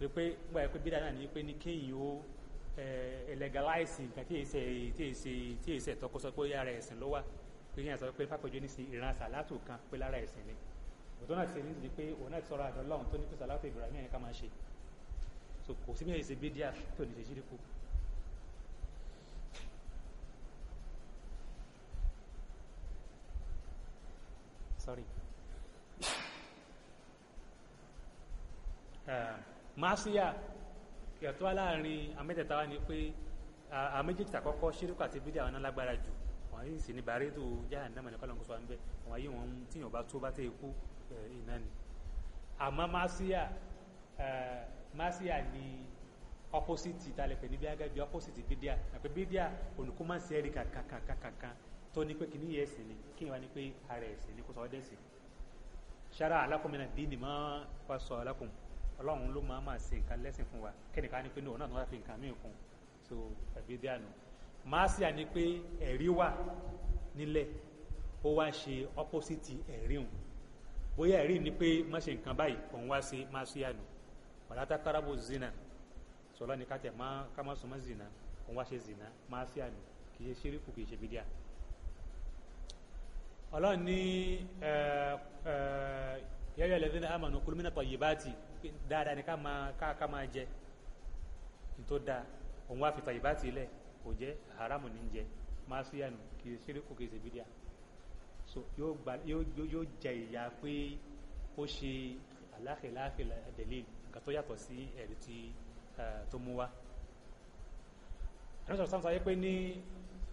wípé gbà pé bídà náà ni pé ní kéèyàn ó ẹlẹgaláìsì nǹkan tí èsè tí èsè tí èsè tọkọ sọ pé ara ẹ̀sìn ló wà pé yẹn sọ pé pápẹ́jọ ní sí ìran sàlátù kan pé lára ẹ̀sìn ni òtún náà ti ṣe nídìí pé òun náà ti sọ̀rọ̀ àdọ́ lọ́hùn tó ní pé sàlátù Ibrahim yẹn ká máa ṣe so kò sí bíyànjú ṣe bídà tó ní ṣe ṣíríkù sorry. Masia, yàtọ̀ láàrin àmẹ́tẹ̀ẹ̀ta wá ni pé àmẹ́jẹ̀tì àkọ́kọ́ ṣírúkọ àti bídíà àwọn alágbára jù wọ́n yìí sì ní bàárẹ́tò jáà náà mọ̀lẹ́kọ́ lọ́nkọ́ sọ àmì wọ́n yìí wọ́n tíyàn bá tó bá tẹ̀ kú iná ni àmọ́ máṣíyà máṣíyà ni opposite ìtàlẹ̀pẹ̀ níbi agájú opposite bídíà àpẹ bídíà olùkọ́ máa ń ṣe ẹ̀rí kankankankan tó ní pé kìíní yẹ ẹ̀sìn ni kí wọ́n ní pé ara ẹ̀sìn ni kò sọ ọ́ dẹ́sìn ṣára alákùnrin náà dín ní mọ́ wá ọlọ́run ló máa máa ṣe nǹkan lẹ́sìn fún wa kẹ́nìkan ní pé ní òun náà tó wá fi nǹkan míì kún so ẹ̀bí dí àná máa ṣe àní pé ẹ̀rí wà nílẹ̀ ó wá ṣe ọ́pọ́sìtì ẹ̀rí hùn bóyá ẹ̀rí ni pé má ṣe nǹkan báyìí òun wá ṣe má ṣe àná wàlá tá zina sọlá ní káàtì má ká má sọ má zina òun wá ṣe zina má ṣe àná kì í ṣe ṣíríkù kì í ṣe bídíà ọlọ́run ní yẹ́rẹ́ lẹ́dínlẹ́ àmọ́ nù kúlùmínà tọ̀yìbá tì pé dáadáa ni ká máa ká ká máa jẹ ní tó dáa òun wá fi fàyè bá ti kò jẹ́ haramu ní jẹ máa sí àná kì í ṣeré kò kì í ṣe bídíà so yóò gba yóò yóò jẹ ìyá pé ó ṣe aláfẹ́láfẹ́ àdẹ̀lé nǹkan tó yàtọ̀ sí ẹ̀rí tí tó mú wá ẹ̀rọ sọ̀rọ̀ pé ní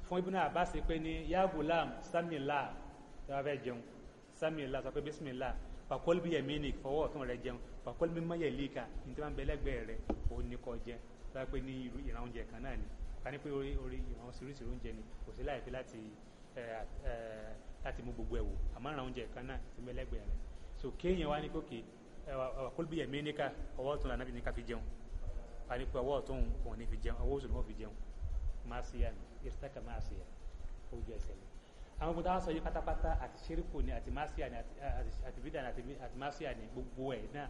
fún Ibn Abbas pé ní ya gulam samila tí wọ́n fẹ́ jẹun samila sọ pé bismillah pàkólbí yaminik fọwọ́ ọ̀tún rẹ jẹun fàkọ́lì mímọ́ yẹ̀ léka ní tí wọ́n bẹ lẹ́gbẹ̀ẹ́ rẹ̀ òun ní kọ́ jẹ bá pé ní ìran oúnjẹ kan náà ni ká ní pé orí orí ìran oríṣiríṣi oúnjẹ ni kò sí láì fi láti láti mú gbogbo ẹ̀ wò àmọ́ ìran oúnjẹ kan náà ti bẹ lẹ́gbẹ̀ẹ́ rẹ̀ so kéèyàn wá ní kókè fàkọ́lì bí yẹ̀mí níka ọwọ́ tún lànà bí níka fi jẹun ká ní pé ọwọ́ tún òun ní fi jẹun ọwọ́ òsùn mọ́ fi jẹun ni àwọn gbogbo àwọn sọ yìí pátápátá àti ṣeríkù ni àti máṣíà ni àti bídà ni àti máṣíà ni gbogbo ẹ̀ náà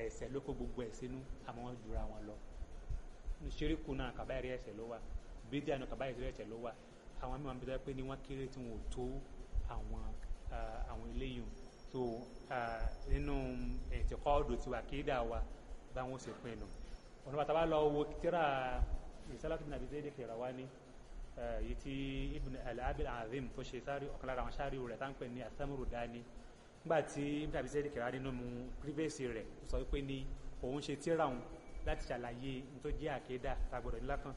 ẹ̀ṣẹ̀ ló kó gbogbo ẹ̀ sínú àmọ́ wọn jura wọn lọ ṣeríkù náà kàbáyìí ẹ̀ṣẹ̀ ló wà bídíà náà kàbáyìí ẹ̀ṣẹ̀ ló wà àwọn mìíràn bí wọ́n pé ní wọ́n kéré tí wọn ò tó àwọn àwọn eléyìí tó nínú ìtìkọ́ọ̀dù tiwa kéèdà wa báwọn ṣe pinnu ọ̀nà bàtà bá lọ wo tíra ìsálàtú bin abidjan èdèkè rà wá ní èyí tí ibn al-abil azim tó ṣe sáré ọ̀kan lára àwọn sáré rẹ̀ tá ní asamuru dání nígbà tí tàbí sẹ́díkì rárí nínú prívẹ́sì rẹ̀ sọ pé ní òun ṣe tíra òun láti ṣàlàyé tó jẹ́ àkédà tàgbọ̀dọ̀ nílá kan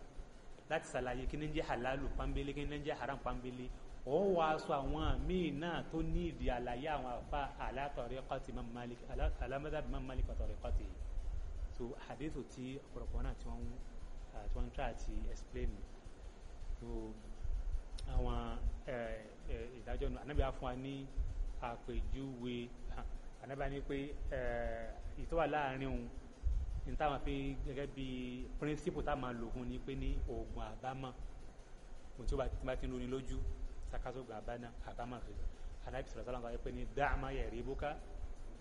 láti ṣàlàyé kí ní jẹ́ halalu pambele kí ní jẹ́ haram pambele òun wàá sọ àwọn míì náà tó ní ìdí àlàyé àwọn àfa alátọ̀rẹ́ kọ́tì alámọ́dàbí máa Malik ọ̀tọ̀rẹ́ kọ́tì so hadithu tí ọ̀pọ̀lọpọ̀ náà tí wọ́n ń try àti explain so àwọn ìdájọ́ anábìá fún wa ní àpèjúwe ànábà ní pé ìtọ́wà láàrin òun ní táwọn fi gẹ́gẹ́ bí píríncípù tá máa lò fún ni pé ní oògùn àbámọ̀ ohun tí ó bá ti ń lóni lójú sakasógun àbámọ̀ rẹ̀ ànábì sọ̀rọ̀ sọ́lá ń sọ pé ní dáàmà yẹ̀rí bóká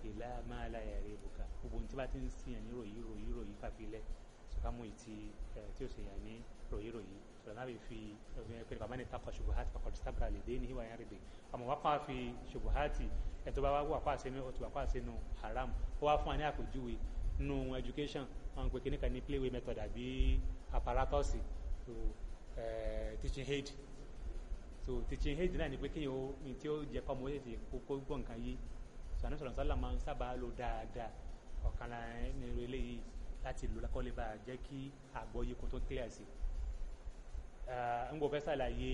ìlà máa la yẹ̀rí bóká gbogbo ohun tí bá ti ń sìn yàn ní ròyìn ròyìn ròyìn fàfilẹ̀ sọ́kámù ìtì tí ó sì yàn ní ròyìn ròyìn فالنبي في يقول من اتقى شبهات فقد استبرأ لدينه وعرضه àmọ́ wákà fi ṣubuhati ẹ̀tọ́ bá wá wákà sínú ọtí wákà sínú haram ó wá fún education wọn pè kíníkan ní playway method àbí apparatus to uh, eh, teaching aid so teaching aid náà ni pé kéèyàn ó tí ó jẹ kọ́mọ ó ti kó gbọ́ nǹkan yìí so àná sọ̀rọ̀ sọ́lá máa ń sábà lò dáadáa ọ̀kan ní eléyìí Eh, n kò fẹ́ ṣàlàyé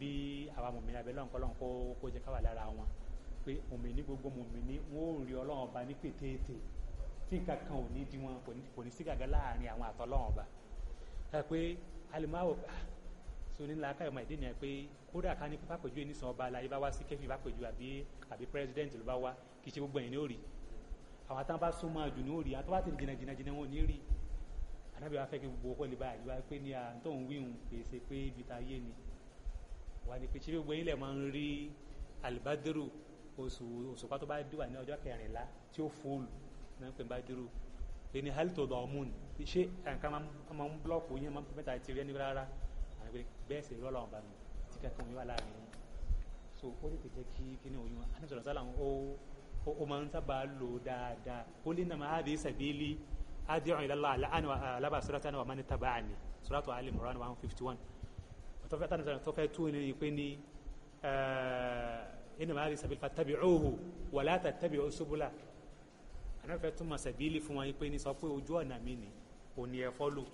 bí àwa mòmìnira bẹ́ẹ̀ lọ́nkọ́ lọ́nkọ́ kó jẹ́ káwà lára wọn pé mòmìnir gbogbo mòmìnir wọn ò rí ọlọ́run ọba ní pètèètè tí nǹkan kan ò ní di wọn kò ní sí gàgá láàrin àwọn àtọ́lọ́run ọba ẹ pé alimawo ah, so ní làákàyọ̀ ọmọ ìdí nìyẹn pé kódà ká ní pápákọ̀jú ẹni sàn ọba aláyé bá wá sí kẹ́fì pápákọ̀jú àbí àbí president ló bá wá kì í ṣe gbogbo ẹ̀yìn ní òrì àwọn àtàwọn bá súnmọ́ àjù ní òrì àtọ́wá ti jìnnà jìnnà jìnnà wọn ò ní rí anábì wa fẹ́ kí gbogbo ọkọ̀ lè bá àyíwá pé ní à ń tóun wíhun pèsè pé ibi ta yé ni wà ní pèsè gbogbo ilẹ̀ máa ń rí alibadiru oṣù òṣùpá tó bá wà ní ọjọ́ kẹrìnlá tí ó fóòlù náà ń pè badiru pé ní hali tó dọ̀ ni ṣé nǹkan máa ń blọ́ọ̀kù yín máa ń mẹ́ta ti rí ẹni rárá àwọn ìgbẹ́ bẹ́ẹ̀ sì rọ́ọ̀lọ́ ọ̀bà mi tí kankan yín wà láàrin yín so ó lè tẹ̀jẹ́ kí kí ni òyìn wa á ní sọ̀rọ̀ sálà ó máa ń sábà lò dáadáa ó lè nà máa hàdí sàbílì ad'u ila Allah la'an wa laba surata wa man taba'ani suratu ali imran 151 tó fẹ́ tánà tó fẹ́ tú ní pé ní inna hadhihi sabil fattabi'uhu wa la tattabi'u subula àná fẹ́ túmọ̀ sàbílì fún wọn pé ní sọ pé ojú ọ̀nà mi ni ò ní ẹ follow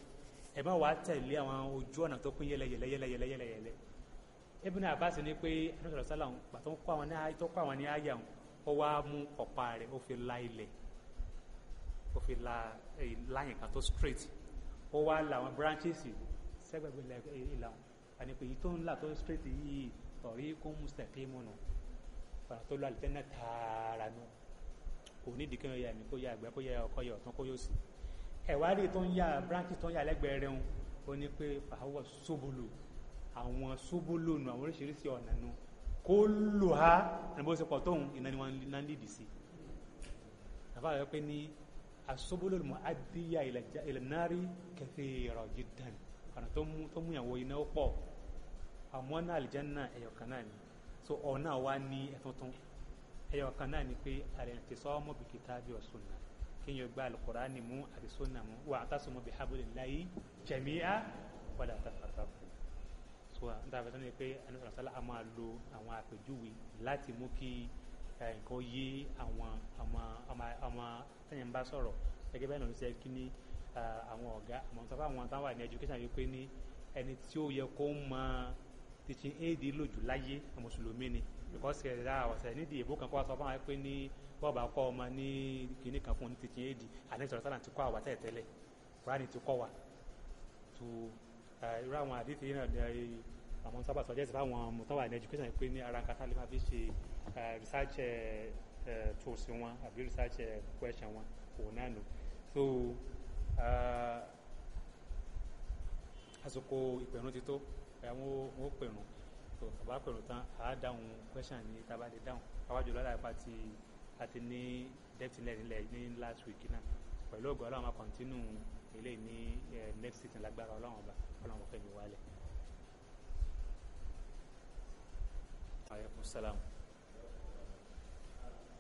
ẹ má wàá tẹ̀lé àwọn ojú ọ̀nà tó pín yẹlẹyẹlẹ yẹlẹyẹlẹ yẹlẹyẹlẹ Ibn Abbas ni pé anúṣọ̀rọ̀ sálà gbà tó ń kọ́ àwọn ní àyà ó wá mú ọ̀pá rẹ̀ ó fi la ilẹ̀ ó fi la eh, láyìn kan tó straight ó wá la àwọn branches sẹ́gbẹ̀gbẹ̀ eh, ìlà wọn ànípe èyí tó ń là tó straight yìí tọ̀rí kó mustaqim nù ọ̀nà tó lọ àlùjánnà tààrà nù kò ní ìdíkẹ́ yà mí kó yà àgbẹ̀ kó yà ọkọ yà ọ̀tún kó yóò sì ẹ̀wárí tó ń yà branches tó ń yà lẹ́gbẹ̀ẹ́ rẹ̀ wọn ó ní pé fàáwọ̀ sóbùlù àwọn sóbùlù nù àwọn oríṣiríṣi ọ̀nà nù kó lò á ẹni bó ṣe pọ̀ tóun ìnáni wọn náà lìdì sí àbáyọ pé ní asubulu mu'addiya ila nari kathira jiddan ọ̀nà tó mú tó mú ìyàwó iná pọ̀ àmọ́ náà àlìjánná ẹ̀yọ̀ kan náà ni so ọ̀nà wa ní ẹ̀tuntun ẹ̀yọ̀ kan náà ni pé al-intisamu bi kitabi wa sunna kéèyàn gba al-Qur'ani mú àti sunna mú wa'tasimu bi hablillahi jami'a wala tafarraqu so dábàá sọ́nà pé anúfàlà sálà á máa lo àwọn àpèjúwe láti mú kí nǹkan yé àwọn àwọn àwọn tẹ̀yìn ń bá sọ̀rọ̀ gẹ́gẹ́ bẹ́ẹ̀ náà ló ṣe kí ní àwọn ọ̀gá àmọ́ sọ fún táwọn wà ní education yìí pé ní ẹni tí ó yẹ kó mọ teaching aid lòjù láyé mùsùlùmí ni because ẹ̀dá ọ̀sẹ̀ nídìí èbó kan kó wá sọ fún àwọn pé ní bọ́ọ̀bà kọ́ ọmọ ní kìíní kan fún ní teaching aid àti ìṣòro sálà ti kọ́ àwa tẹ́lẹ̀ tẹ́lẹ̀ kúránì ti kọ́ wa tó irú àwọn àdìsí yìí náà àwọn sábà sọjẹ́sì fáwọn mọ̀tọ́wà ní education pé ní ara nǹkan tá a lè máa fi ṣe research tools wọn àbí research eh, question wọn òun náà nù so ah, àsìkò ìpẹ̀rún ti tó àwọn eh, ò pẹ̀rún so àbá pẹ̀rún tán á dáhùn question ní tá a bá lè dáhùn àwájú lọ́la ipa ti àti ní depth nílẹ̀ nílẹ̀ ní last week náà pẹ̀lú ògbọ́n ọlọ́run máa continue eléyìí ní eh, next season lágbára ọlọ́run ọba ọlọ́run ọ̀fẹ́ mi wálẹ̀. aleykum salaam.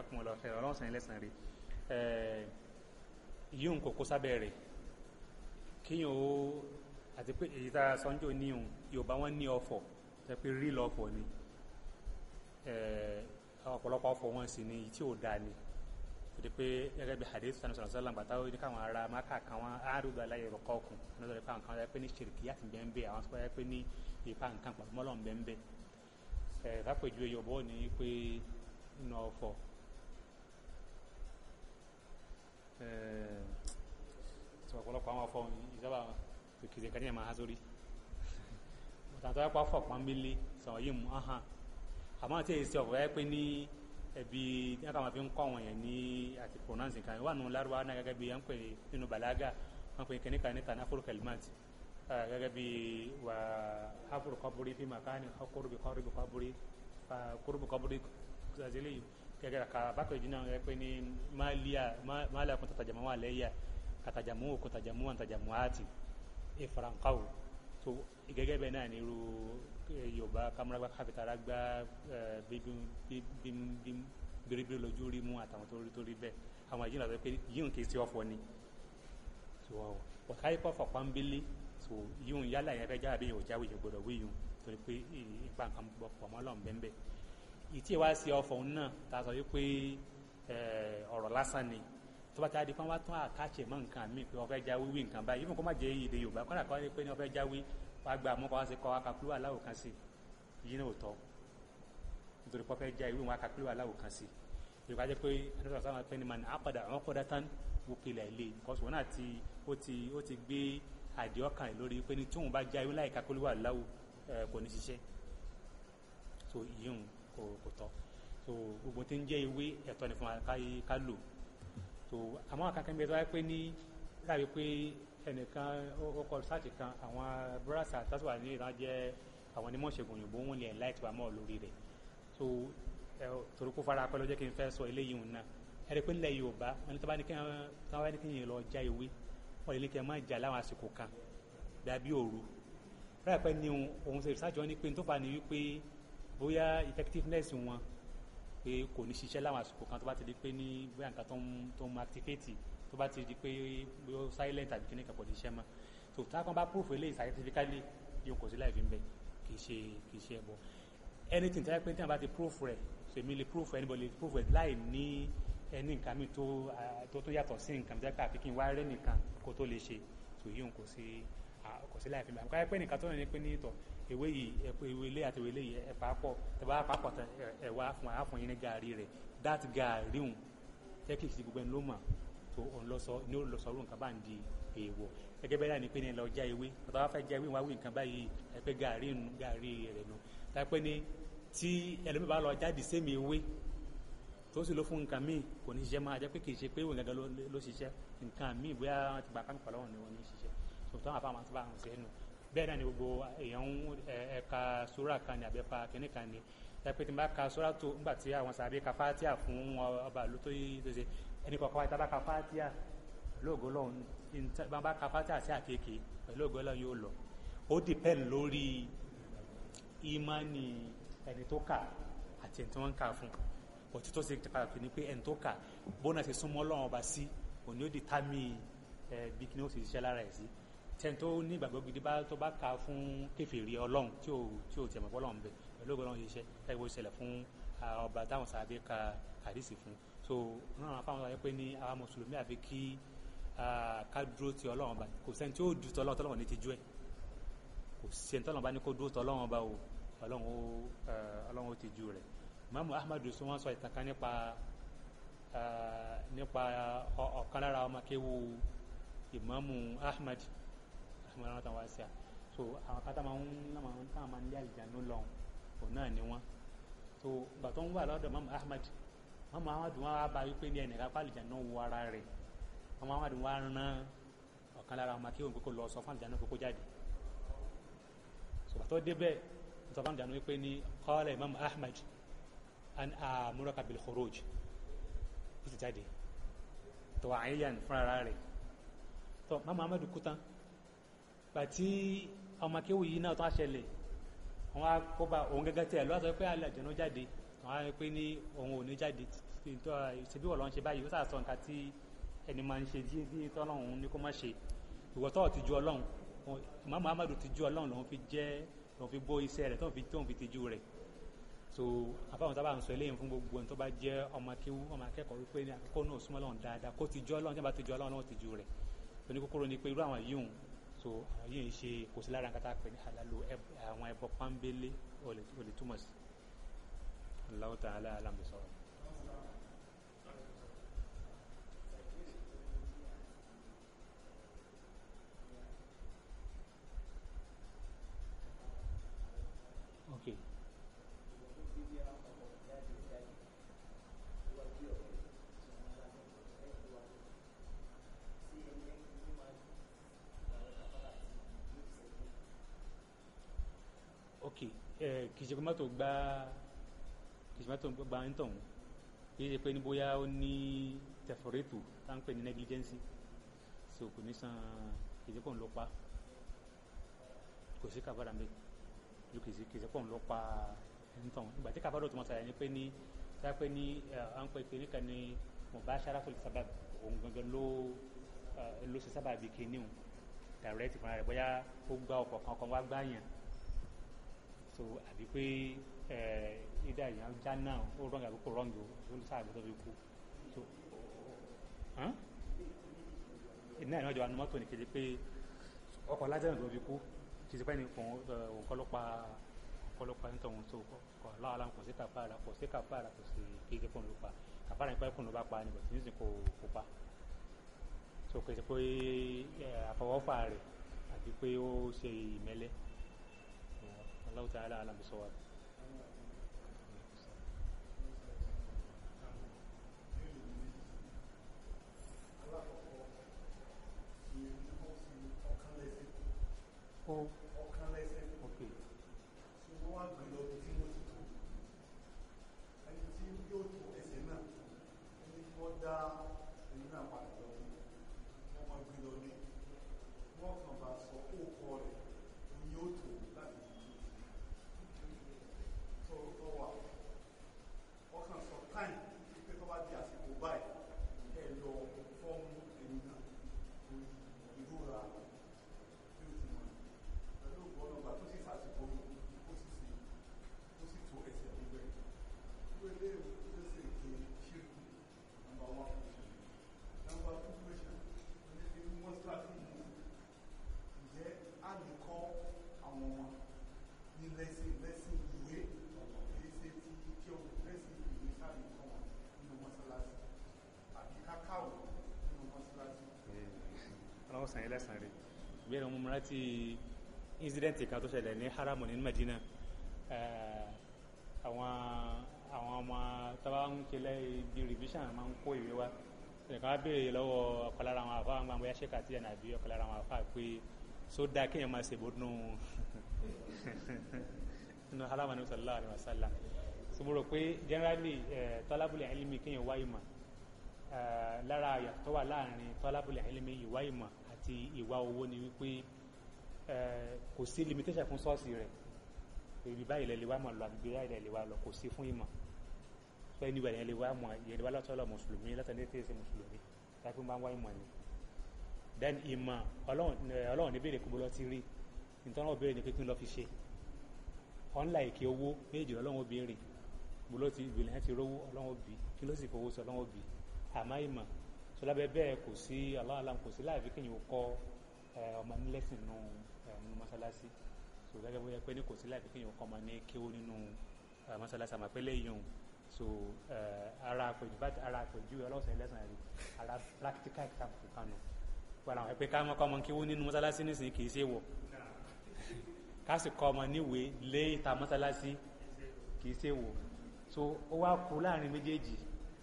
jazakumullahu khairan ọlọ́run sàn lẹ́sàn rí eh, yíò ń kókó sábẹ́ rẹ̀ kíyàn ó àti pé èyí tá a sọ ń jò ní òun yorùbá wọn ní ọ̀fọ̀ tẹ pé rí lọ́fọ̀ ni eh, ọ̀pọ̀lọpọ̀ ọ̀fọ̀ wọn sì ni tí ò dáa ni kò dé pé gẹ́gẹ́ bí hadith sanu sọ̀rọ̀ sọ́lá gbàtà ó ní káwọn ará máka kan wọn áàrúgbà láyé ọkọ̀ ọkùn ní ọ̀dọ̀ ìpá nǹkan pé ní ṣèrìkì yàtì bẹ́ẹ̀ àwọn sọ́kọ́ pé ní ìpá nǹkan pàtó mọ́lọ́ bẹ́ẹ̀ bẹ́ẹ̀ ẹ̀ bá pèjú eyọ̀ bọ́ọ̀ ni pé nínú ọ̀fọ̀ ọ̀pọ̀lọpọ̀ àwọn afọ ìjábà kìkìsì kan ní ẹ̀ máa há sórí ọ̀tàtà ẹ̀kọ́ afọ pàmílẹ̀ sọ̀rọ̀ yìí mú ahàn àmọ́ àti èsì ọ̀pọ̀ ẹ̀ pé ní ẹ̀bi ní àkàmà fi ń kọ́ àwọn yẹn ní àti pronounce nǹkan wà nù lárúbá náà gẹ́gẹ́ bí wọ́n pè nínú balaga wọ́n pè kìnìkà ní tanafuru kalimat gẹ́gẹ́ bí wà hafuru kọ́búrí fi màkà ní kọ́rùbù kọ́búrí kọ́rùbù kọ́búrí gẹ́gẹ́ àbápẹ̀jù náà rẹ pé ní máàlì àkùn tàtàjàmọ́ wà lẹ́yà àtàjàmọ́ òkú tàjàmọ́ àtàjàmọ́ àti ìfarankáwò so gẹ́gẹ́ bẹ́ẹ̀ náà ní irú yorùbá kámúrágbá káfíntàrà gbá bíríbírí lójú rí mú àtàwọn tó rí tó rí bẹ́ẹ̀ àwọn ìjìnlẹ̀ tó pé yíyùn kì í sí ọ̀fọ̀ ni ọ̀káyí kọ́ fọ̀pá ń bílé so yíyùn yálà yẹn fẹ́ jáwé àbí yóò jáwé yóò gbọdọ̀ wíyùn torí pé ìpàǹkan pọ̀ mọ́ lọ́nbẹ́ńbẹ́ ìtí wa ṣe ọfọ̀ náà ta sọ wípé ọ̀rọ̀ lásán ni tó bá ti adi pé wọ́n tún àkàṣe mọ́ nǹkan mi pé wọ́n fẹ́ jáwé wí nǹkan báyìí ìfún kó má jẹ́ èdè Yorùbá kọ́nà kọ́ pé wọ́n fẹ́ jáwé wọ́n á gba àmúkọ́ wọ́n á ṣe kọ́ akakúrú aláwọ̀ kan sí yìí náà tọ́ nítorí pé wọ́n fẹ́ já ìwé wọn akakúrú aláwọ̀ kan sí Yorùbá jẹ́ pé ẹnìkan sábà pé ni mà ní àpàdà àwọn kọ́dá tán wò pilẹ̀ ilé because wọn náà ti ó ti ó ti gbé àdé ọkàn rẹ̀ lórí pé ni tí òun bá já ìwé láì kakúrú aláwọ̀ kò ní ṣiṣẹ́ so ìyóhun kò tọ́ so gbogbo tí ń jẹ́ ewé ẹ̀tọ́ ni fún wa ká lò so àmọ́ àkàkẹ́ mi ẹ̀ tó wáyé pé ní láàbí pé ẹnìkan ó kọ sáàtì kan àwọn brasa tásù wà ní ìlànà jẹ́ àwọn onímọ̀ṣègùn òyìnbó wọn lè láì tiwa mọ́ lórí rẹ̀ so torí kó fara pẹ́ lọ́jọ́ kí n fẹ́ sọ eléyìí òun náà ẹ̀rí pé nílẹ̀ Yorùbá wọn ní tó bá ní kí n lọ já ewé wọn lè ní kí n má já láwọn àsìkò kan dàbí òru rẹ́pẹ́ ni òun ṣe ìṣàjọ ní pé tó fà ní wípé bóyá effectiveness wọn pé kò ní ṣiṣẹ́ láwọn àsìkò kan tó bá ti di pé ní bóyá nǹkan tó ń activate tó bá ti di pé bóyá silent àbí kíní kò ní ṣiṣẹ́ mọ́ tó táwọn bá proof eléyìí scientifically yóò kò sí láì fi ń bẹ kì í ṣe kì í ṣe ẹbọ anything tí wọ́n pè ní àbá ti proof rẹ̀ sèmi lè proof anybody lè proof rẹ̀ láì ní ẹni nǹkan mi tó tó yàtọ̀ sí nǹkan mi jẹ́ pé àfi kí nìkan kó tó lè ṣe tòyí òun kò sí kò sí láì fi bá káyọ̀ pé nìkan tó ní pé ní ìtọ̀ ewé yìí ẹ̀pọ̀ ewé ilé àti ewé ilé yìí ẹ̀pà pọ̀ tẹ̀bá papọ̀ tán ẹ̀wà fún wa fún yín ní gàárì rẹ̀ that gàárì hùn jẹ́ kí gbogbo ẹni ló mọ̀ tó òun lọ sọ ní òun lọ sọ bá ń di èèwọ̀ gẹ́gẹ́ bẹ́ẹ̀ ni pé ní lọ já ewé bàbá wa fẹ́ já ewé wa wí nǹkan báyìí ẹ̀pẹ́ gàárì nù gàárì rẹ̀ nù tàpẹ́ ni tí ẹlòmíì bá lọ jáde sẹ́mi ewé tó sì ló fún nǹkan míì kò ní ṣiṣẹ́ máa jẹ́ pé kì í ṣe pé òun gàgà ló ṣiṣẹ́ nǹkan míì bóyá wọn ti gbà kámi pàlọ́wọ̀n ni wọn ní ṣiṣẹ́ sòtọ́ àfa àwọn sábà ń ṣe nù bẹ́ẹ̀ náà ni gbogbo èèyàn ń ẹ̀ka sóra kan ní àbẹ́fà kínní kan ni tẹ́pẹ́ tí n bá ka sóra tó ńgbà tí àwọn sàbí ka fátíà fún ọba ìlú tó yí tó ṣe ẹnì kọ̀ọ̀kan wáyé tábà ka fátíà lóògó lọ́hùn bá ka fátíà sí àkekèé pẹ̀lú ògó lọ́hùn yóò lọ ó dìpẹ́ǹ lórí ìmánì ẹni tó kà àti ẹni tí ń kà fún òtí tó ṣe pàtàkì ni pé ẹni tó kà bóńdà ti súnmọ́ Ọlọ́run ọba sí òní ó di tá tẹ́ni tó ní ìgbàgbọ́ gidi bá tó bá ka fún kèfèrí ọlọ́run tí ò tí ò tẹ̀mọ́ bọ́lọ̀ ń bẹ̀ pẹ̀lú ọgbọ́n ọlọ́run ṣiṣẹ́ láì wọ́n ṣẹlẹ̀ fún ọba táwọn sábẹ́ ka àdìsí fún so náà wọn fáwọn sọ pé ní àwa mùsùlùmí àfi kí ká dúró ti ọlọ́run ọba kò sẹ́ni tí ó du tọ́lọ́run tọ́lọ́run ní ti jú ẹ̀ kò sẹ́ni tọ́lọ́run bá ní kó dúró tọ́lọ́run ọba o ọlọ́run ó ti jú rẹ̀ mọ́mú fún ẹran táwa ṣe à so àwọn kátà máa ń náà máa máa ń lé àlìjánu lọ òun náà ni wọn so ìgbà tó ń wà lọ́dọ̀ mọ́mọ́ Ahmad mọ́mọ́ Ahmad wọn á bá wípé ní ẹnìkan pa àlìjánu wọ ara rẹ̀ mọ́mọ́ Ahmad wọn á rán ọ̀kan lára ọmọ akéwòn pé kó lọ sọ fún àlìjánu pé kó jáde sọgbà tó débẹ̀ sọ fún àlìjánu wípé ní qala Imam Ahmad an amuraka bil khuruj ó sì jáde tó àyíyàn fúnra rẹ̀ tó mọ́mọ́ Ahmad kú tán gbàtí ọmọ akéwì yìí náà tó àṣẹlẹ̀ wọn á kó ba òun gẹ́gẹ́ tẹ̀ lọ́wọ́ sọ pé àlàjọ náà jáde wọn á pé ní òun ò ní jáde tó ṣebí wọ̀ lọ́ ń ṣe báyìí ó sà sọ nǹkan tí ẹni máa ń ṣe díẹ̀ díẹ̀ tó ọlọ́run ní kó má ṣe ìwọ́tọ̀ ti ju ọlọ́run ìmáàmù amadu ti ju ọlọ́run lòun fi jẹ́ lòun fi bó iṣẹ́ rẹ̀ tóun fi tóun fi tijú rẹ̀ so àfáwọn sábà ń sọ eléyìí fún gbogbo ẹni tó bá jẹ́ ọmọ akéwú ọmọ akẹ́kọ̀ọ́ wípé ní àkókò náà súnmọ́ ọlọ́run dáadáa kó ti ju ọlọ́run tí wọ́n bá ti ju ọlọ́run ti ju rẹ̀ oníkókóró ni pé irú àwọn yìí so yìí ń ṣe kò sí lára nǹkan tá a pè ní halalu àwọn ẹbọ pọ́nbélé ò lè túmọ̀ sí Allahu ta'ala Okay. òkè ẹ eh, kì í ṣe pé mọ́tò gbá kì í ṣe mọ́tò gbá ń tàn kì í ṣe pé ní bóyá ó ní tẹ̀fọ̀rẹ́tò tá ń pè ní negligence so kò ní san kì í ṣe pọ̀ ń lọ pa kò sí kàfàrà mi ju kì í ṣe kì í ṣe pọ̀ ń lọ pa ń tàn ìgbà tí kàfàrà tó mọ̀ sàlàyé ni pé ní tá pé ní eh, à ń pè pé níkan ní mubasharatul sabab òun gangan ló eh, ló ṣe sábàbí kìíní òun direct fúnra rẹ̀ bóyá ó gbá ọkọ̀ kan wá gbá so àbí pé ìdá èèyàn já náà ó rọ́ǹgì àbí kò rọ́ǹgì ó ló sáà lọ́tọ́ fi kú so iná ìnáwó jọ anumọ́tò ní kejì pé ọkọ̀ lájẹ́ náà ló fi kú kì í ṣe pẹ́ ní òǹkọ́ ló pa ọlọpàá nítorí ohun tó kọ aláàlá kò sí kàfàrà kò sí kàfàrà kò sí kéde kò ń lò pa kàfàrà nípa ẹkùn ló bá pa ni bọ̀tí nísìnyí kò kò pa so kò sí pé àfọwọ́fà rẹ̀ àti pé ó ṣe ìmẹ́lẹ́ الله تعالى أعلم بصواب Oh. ẹ̀sán rẹ̀ bẹ́ẹ̀ ni mo múra ti incident kan tó ṣẹlẹ̀ ní haramu ní Medina eh, àwọn àwọn ọmọ tábà ń kelẹ̀ ibi revision máa ń kó ìwé wa ẹ̀ka béèrè lọ́wọ́ ọ̀kan lára àwọn àfa àwọn bóyá ṣèkà tí ẹ̀ nàbí ọ̀kan lára àwọn àfa pé só dáa kéèyàn máa ṣèbó nù nínú haramu ní sallallahu alaihi wasallam so mo rò pé generally eh, talabul ilmi kéèyàn wá ìmọ̀ eh, lára àyà tó wà láàrin talabul ilmi ìwá ìmọ̀ àti ìwà owó ni wípé kò sí limitation fún sọ́ọ̀sì rẹ̀ ibi báyìí lè lè wá mọ̀ lọ àgbègbè báyìí lè lè wá lọ kò sí fún ìmọ̀ pé níbi ẹ̀yẹ lè wá mọ̀ ìyẹn lè wá lọ́tọ́lọ́ mùsùlùmí látàdé tí èsì mùsùlùmí tápé máa ń wá ìmọ̀ ni then ìmọ̀ ọlọ́run ní béèrè kó bọ́lọ́ ti rí nítorí wọn béèrè ní pé kí n lọ fi ṣe unlike owó méjì ọlọ́run béèrè bọ́lọ́ ti ìgbìlẹ̀ ti rówó ọlọ́run bì kí ló sì fowó sọ ọlọ́run bì àmọ́ ìmọ̀ so lábẹ́ bẹ́ẹ̀ kò sí aláàlá kò sí láàbí kéèyàn kọ́ ọmọ ní lẹ́sìn nù nínú so gẹ́gẹ́ bóyá pé ní kò sí láàbí kéèyàn kọ́ ọmọ ní kéwó nínú mọ́sálásí àmọ́ pé lẹ́yìn òun so ara àpèjú bá ara àpèjú ọlọ́sẹ̀ lẹ́sìn àrí ara practical example kanu wàlà àwọn ẹgbẹ́ ká mọ́ kọ́ ọmọ kéwó nínú mọ́sálásí nísìnyí kì í ṣe wọ̀ ká sì ọmọ níwèé lé ìta mọ́sálásí kì í ṣe wọ̀ so ó wá kú láàrin méjèèjì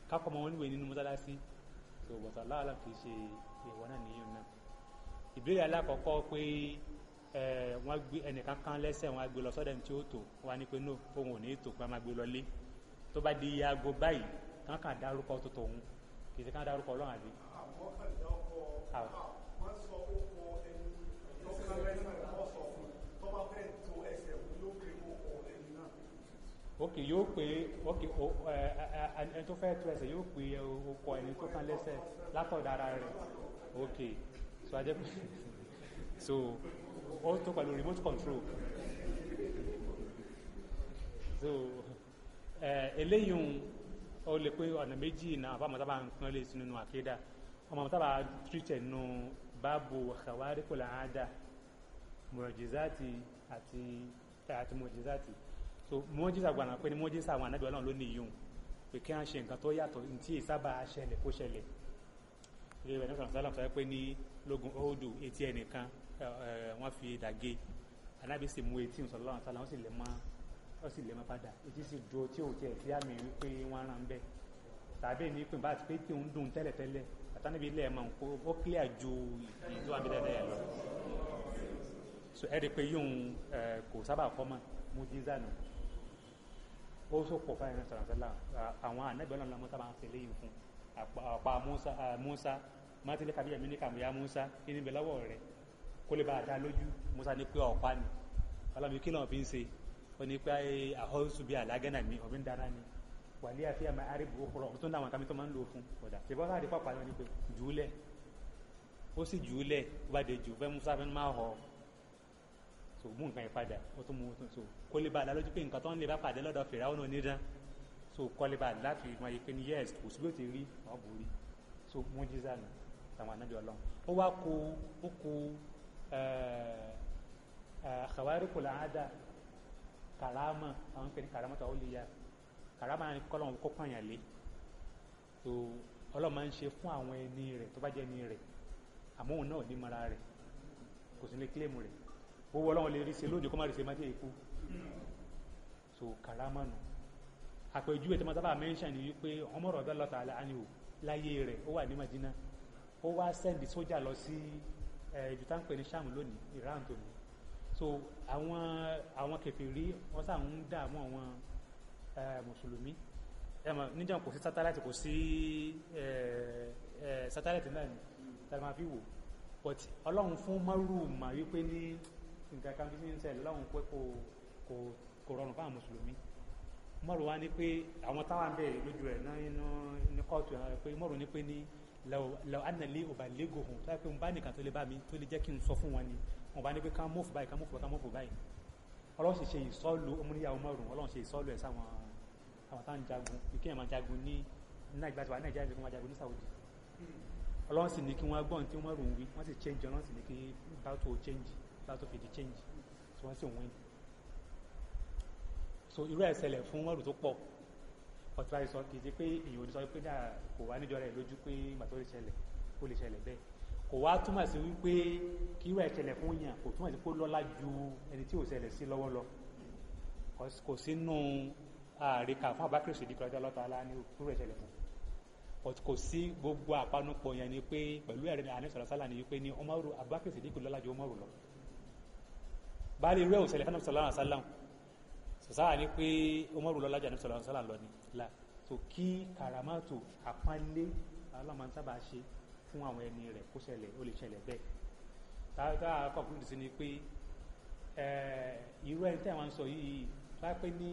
ká kọ́ ọmọ níwèé nínú so bọ̀tà láàlá kìí ṣe ìwọ náà níyùn náà ìbéèrè alákọ̀ọ́kọ́ pé wọ́n gbé ẹnìkan kan lẹ́sẹ̀ wọ́n á gbé lọ sọ́dọ̀ ẹni tí ó tò wọ́n á ní pé no fóun ò ní tò pé wọ́n á gbé lọ lé tó bá di aago báyìí kàn dárúkọ tó tòun kì ṣe kàn dárúkọ ọlọ́run àbí. àwọn kan dárúkọ àwọn sọ ó ẹni. ókè yóò pé ókè ẹni tó fẹ́ tu ẹsẹ̀ yóò pé okọ ẹni tó kàn lẹ́sẹ̀ látọ̀dá ara rẹ̀ ókè so ajẹ́ pé so ó tó pẹ̀lú remote control so eléyìí ó lè pé ọ̀nà méjì náà àbámọ̀ tábà ń pín lè sí nínú àkédà ọmọ tábà tírítẹ̀ nù báàbò kàwárí kò láàádà mùrọ̀jìzáàtì àti mùrọ̀jìzáàtì so mọ́jísà gbàgbà pé ní mọ́jísà àwọn anábì ọlọ́run ló ní ìyóhùn pé kí wọ́n ṣe nǹkan tó yàtọ̀ tí èyí sábà ṣẹlẹ̀ kó ṣẹlẹ̀ ìrẹ̀ rẹ̀ nípa sálàm sọ pé ní lógun oòdù etí ẹnìkan wọ́n fi dàgé anábì sì mú etí ìsọ̀lọ́run sálàm ó sì lè máa ó sì lè máa padà etí sì dúró tí ò tiẹ̀ sí àmì wípé wọ́n rán bẹ́ẹ̀ tàbí ní pé bá ti pé tí òun dùn tẹ́lẹ̀tẹ́lẹ̀ àtàníbi ilé so ẹ rí i pé yóò kò sábà nù ó sòpò fún ẹ̀rọ sọ̀rọ̀ sẹ́lá àwọn ànábì ọlọ́run lọ́mọ sábà ń ṣe léyìn fún àpá Musa mátìlẹ́ kàbíyà mí ní kàmúyà Musa kí níbi lọ́wọ́ rẹ̀ kó lè bá a dá lójú Musa ní pé ọ̀pá ni ọlọ́run kí náà fi ń ṣe ó ní pé àhọ́sù bíi àlágánà ni ọ̀bí ń dáná ni wàlí àti àmà àríbù òkúrọ̀ tó ń dáwọn kàmí tó máa ń lò fún ọ̀dà ṣèbọ́ láti pàpà ní pé jùúlẹ̀ ó sì jùúlẹ̀ ó bá de jù fẹ́ Musa fẹ́ máa họ̀ so mú nǹkan yẹn padà ó tún mú so kó lè ba àlálójú pé nǹkan tó ń lè bá pàdé lọ́dọ̀ fèrè àwọn onídán so kó lè ba láti máa yẹ pé ní yẹ́s kò sí bí ó ti rí wọ́n borí so mú jíza nù àwọn ànábì ọlọ́run ó wá kó ó kó àkàwárí kò láàdá kàrámà àwọn pè ní kàrámà tó àwọn lè ya kàrámà ni kọ́lọ́n kó pààyàn lé so ọlọ́run máa ń ṣe fún àwọn ẹni rẹ̀ tó bá jẹ́ ẹni rẹ̀ àmọ́ náà ò ní mara rẹ̀ kò sí ní kílèmù rẹ̀ owó ọlọ́run lè rí ṣe lónìí kó má rí ṣe má jẹ́ ikú so karamanu àpèjúwe tí wọ́n sábà mẹ́ńṣàn ni wípé Umar radiyallahu ta'ala anhu láyé rẹ̀ ó wà ní Madina ó wá sẹ́ndì sójà lọ sí ibi tá ní Sham lónìí Iran tó ní so àwọn àwọn kèfèrí wọ́n sà ń dààmú àwọn mùsùlùmí níjà kò sí sátáláìtì kò sí sátáláìtì náà ni tá a máa fi wò but ọlọ́run fún márùn-ún mà wípé ní nǹkan kan bí ń ṣẹlẹ̀ láwọn pé kò kò kò rọrùn fáwọn mùsùlùmí mọ́rù wá ní pé àwọn táwọn bẹ̀rẹ̀ lójú ẹ̀ náà inú ní kóòtù ẹ̀ pé mọ́rù ní pé ní lọ anàlẹ́ òbá lẹ́gòhùn tó yẹ pé ń bá nìkan tó lè bá mi tó lè jẹ́ kí n sọ fún wọn ni wọn bá ní pé ká mọ́fù báyìí ká mọ́fù báyìí ká mọ́fù báyìí ọlọ́run sì ṣe ìsọ́lù ọmọnìyàwó mọ́rù ọlọ́run ṣe ìsọ́lù ẹ̀ sáwọn àwọn táwọn jagun ìkíyàn máa jagun ní nàìjíríà tí wà nàìjíríà tí wọ́n jagun ní Saudi ọlọ́run sì ní kí wọ́n gbọ́n tí mọ́rù ń wí wọ́n sì change ọlọ́run sì ní kí bá tó change láti fi di change tí wọ́n sì ń win so irú ẹ̀ ṣẹlẹ̀ fún ọ̀rù tó pọ̀ ọ̀tún àìsàn kì í ṣe pé èyí ò ní sọ pé náà kò wá níjọ rẹ̀ lójú pé ìgbà tó lè ṣẹlẹ̀ ó lè ṣẹlẹ̀ bẹ́ẹ̀ kò wá túmọ̀ sí wípé kí irú ẹ̀ ṣẹlẹ̀ fún yàn kò túmọ̀ sí pé lọ́lá ju ẹni tí ò ṣẹlẹ̀ sí lọ́wọ́ lọ kò sínú ààrẹ kà fún àbákẹ́rẹ́ òṣèlú kọjá lọ́ta alá ní irú ẹ̀ ṣẹlẹ̀ fún kò sí gbogbo àpanupọ̀ yẹn ni pé pẹ̀lú ẹ̀rẹ́ ni àníṣọ̀rọ̀ sálà ni wípé ni Umaru àbákẹ́rẹ́ òṣèlú kọjá lọ́la ju Umaru lọ báyìí rẹ̀ òṣèlè fẹ́nà sọ̀lá sálàm sọ̀sáà ní pé ọmọrù lọ lájà ní sọ̀lá sálàm lọ ni la tó kí karamato àpánlé alámọ̀ntàbà ṣe fún àwọn ẹni rẹ̀ kó ṣẹlẹ̀ ó lè ṣẹlẹ̀ bẹ́ẹ̀ tààtà kọ̀kúndì sí ni pé irú ẹni tí àwọn sọ yìí lápẹ́ ní